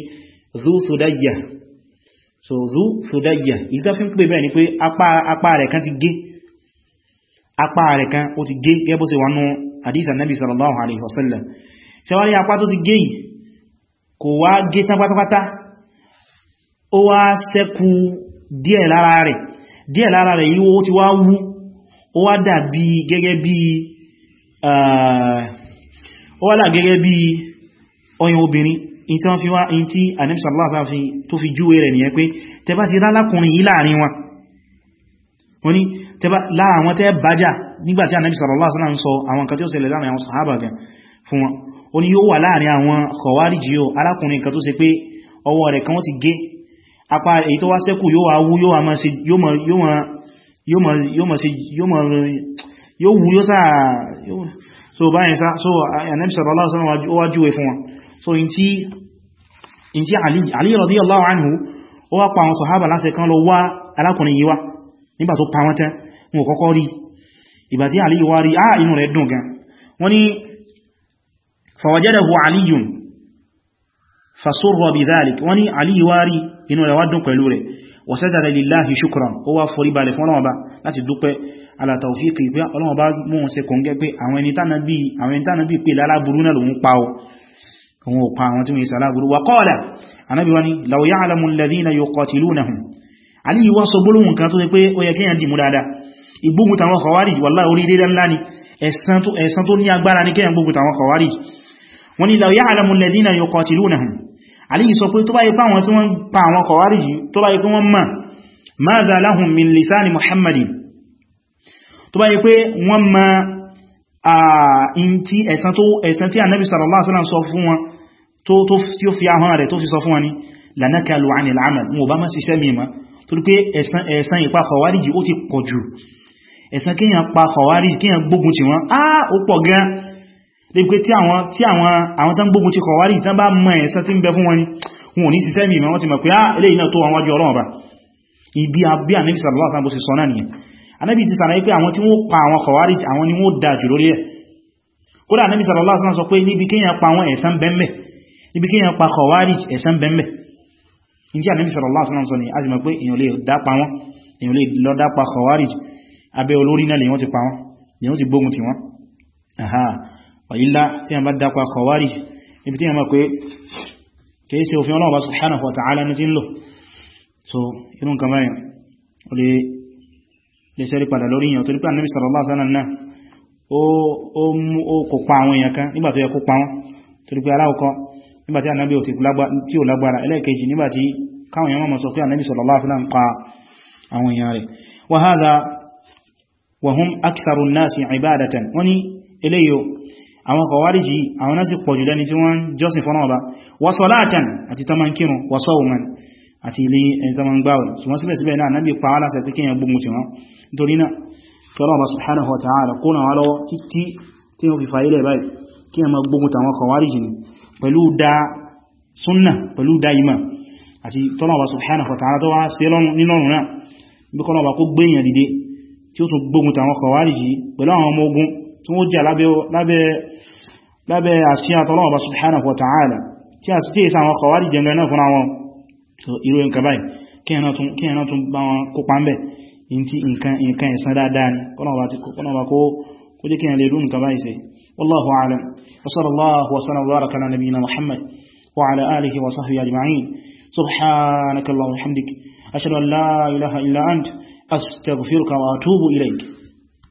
Dhu Thudayya so zu fudayya ìta fi ń pè bẹ́ẹ̀ ni pé apá rẹ̀ kan ti gé apá rẹ̀ kan ó ti gé gẹ́bó sí wọnú hadith annabi sallallahu alaihi wasallam ṣẹwàrí apá tó ti gé yìí kò wá gé tán pátápátá ó wá ṣẹ́kù díẹ̀ lára rẹ̀ díẹ̀ lára rẹ̀ yìí ó in tí wọ́n fi wá in tí anẹ́bìsàlá tó fi júwé rẹ̀ nìyẹn pé tẹba ti rá lákùnrin yìí láàrin wọn wọ́n ni tẹba láàwọn tẹ́ bájá nígbàtí anẹ́bìsàlá ń sọ àwọn nǹkan tí ó ṣẹlẹ̀ láàrin àwọn sàhábà gan fún wọn ó ní yóò wà láàrin àwọn kọ̀wárìjì yóò alákùnrin kan tó ṣe pé ọwọ́ rẹ̀ kan wọ́n ti gé apá èyí tó wá sẹ́kù yóò wá wú yóò máa ṣe yóò sáà so báyìí sá so anẹ́bìsàlá wájú fún wọn so in tí in tí Ali Ali radiyallahu anhu ó wá pa àwọn sàhábà láṣẹ kan lọ wá alákùnrin yìí wá nígbà tó pa wọ́n tán wọn kọ́kọ́ rí ìgbà tí Ali wá rí ah inú rẹ̀ dùn gan wọ́n ní fawajadahu aliyun fasurra bidhalik wọ́n ní Ali wá rí inú rẹ̀ wá dùn pẹ̀lú rẹ̀ wasajada lillahi shukran ó wá forí balẹ̀ fún Ọlọ́run Ọba láti dúpẹ́ ala tawfiqi pé Ọlọ́run Ọba mú wọn ṣe kòńgẹ́ pé àwọn ẹni tánàbí pè lálábúrú náà lòun pa ọ òun ò pa àwọn tí wọ́n yí sàlágúrú wa qala anábi wani law ya'lamu alladhina yuqatilunahum aliyu wọ́n sọ gbólóhùn kan tó ṣe pé ó yẹ kíyàn dìmú dáadáa ìgbógun tàwọn khawarij wallahi orí dédé ńlá ni ẹ̀san tó ní agbára ní kíyàn gbógun tàwọn khawarij tí ó fi ahọ́n rẹ̀ tó fi sọ fún wọn ni lanakalu anil amal wọn bá má ṣiṣẹ́ mímọ̀ torí pé ẹ̀san ìpa kọwàríjì ó ti pọ̀ jù ẹ̀san kíyàn pa kọwàríjì kíyàn gbógun ti wọn áà ó pọ̀ gan lè pé tí àwọn tán gbógun ti kọwàríjì tán bá mọ ẹ̀san tí ń bẹ fún wọn ni wọn ò ní ṣiṣẹ́ mímọ̀ wọ́n ti mọ̀ pé á ilé iná tó wọn wájú ọlọ́run ọba ibi abí ànábì sallallahu alaihi wasallam bó ṣe sọ náà nìyẹn ànábì ti sàlàyé pé àwọn tí wọ́n pa àwọn kọwàríjì àwọn ni wọ́n dáa jù lórí ẹ̀ kódà ànábì sallallahu alaihi wasallam sọ pé níbi kíyàn pa àwọn ẹ̀san bẹ́m̀bẹ̀ níbi kí yẹn pa khawarij ẹ̀sán bẹ̀m̀bẹ̀ ìjí ànábì sallallahu alaihi wasallam ni a ti mọ̀ pé èyàn lè dápa wọn èyàn lè lọ dápa abẹ́ olórí náà lèyàn ti pa wọn lèyàn ti gbógun ti wọn aha ọ̀yílá tí a bá dápa khawarij níbi tí yẹn mọ̀ pé kìí ṣe òfin Ọlọ́run so inú nǹkan báyìí o lè lè ṣẹ́rí padà lórí èyàn torí pé ànábì sallallahu alaihi wasallam náà ó kò pa àwọn èèyàn kan nígbà tó yẹ kó aláwọ̀kọ́ nígbàtí ànábí ò tí ó lágbára ẹlẹ́ẹ̀kejì nígbàtí káwọn èèyàn mọ́ sọ pé ànábí sallallahu alaihi wasallam ń pa àwọn èèyàn rẹ̀ wa hadha wa hum aktharu an-nasi ibadatan wọ́n ni eléyò àwọn kọwàríjì àwọn náà sì pọ̀jù pẹ̀lú da súnnà pẹ̀lú da ìmà àti tọ́lọ̀wà subhanahu wa ta'ala tó wá sí nílọ́rùn náà bí kọ́lọ̀wà kó gbéyàn dìde tí ó tún gbógun tàwọn kọwàríjì pẹ̀lú àwọn ọmọ ogun tí ó jà lábẹ́ àsíyà tọ́lọ̀wà subhanahu wa ta'ala tí a sì tí ìsà àwọn kọwàríjì jẹ́ náà fún àwọn ìró nǹkan báyìí kí ẹ̀nà tún bá wọn kópa ń bẹ̀ nǹkan ìsan dáadáa والله أعلم وصلى الله وسلم وبارك على نبينا محمد وعلى آله وصحبه أجمعين سبحانك اللهم وبحمدك أشهد أن لا إله إلا أنت أستغفرك وأتوب إليك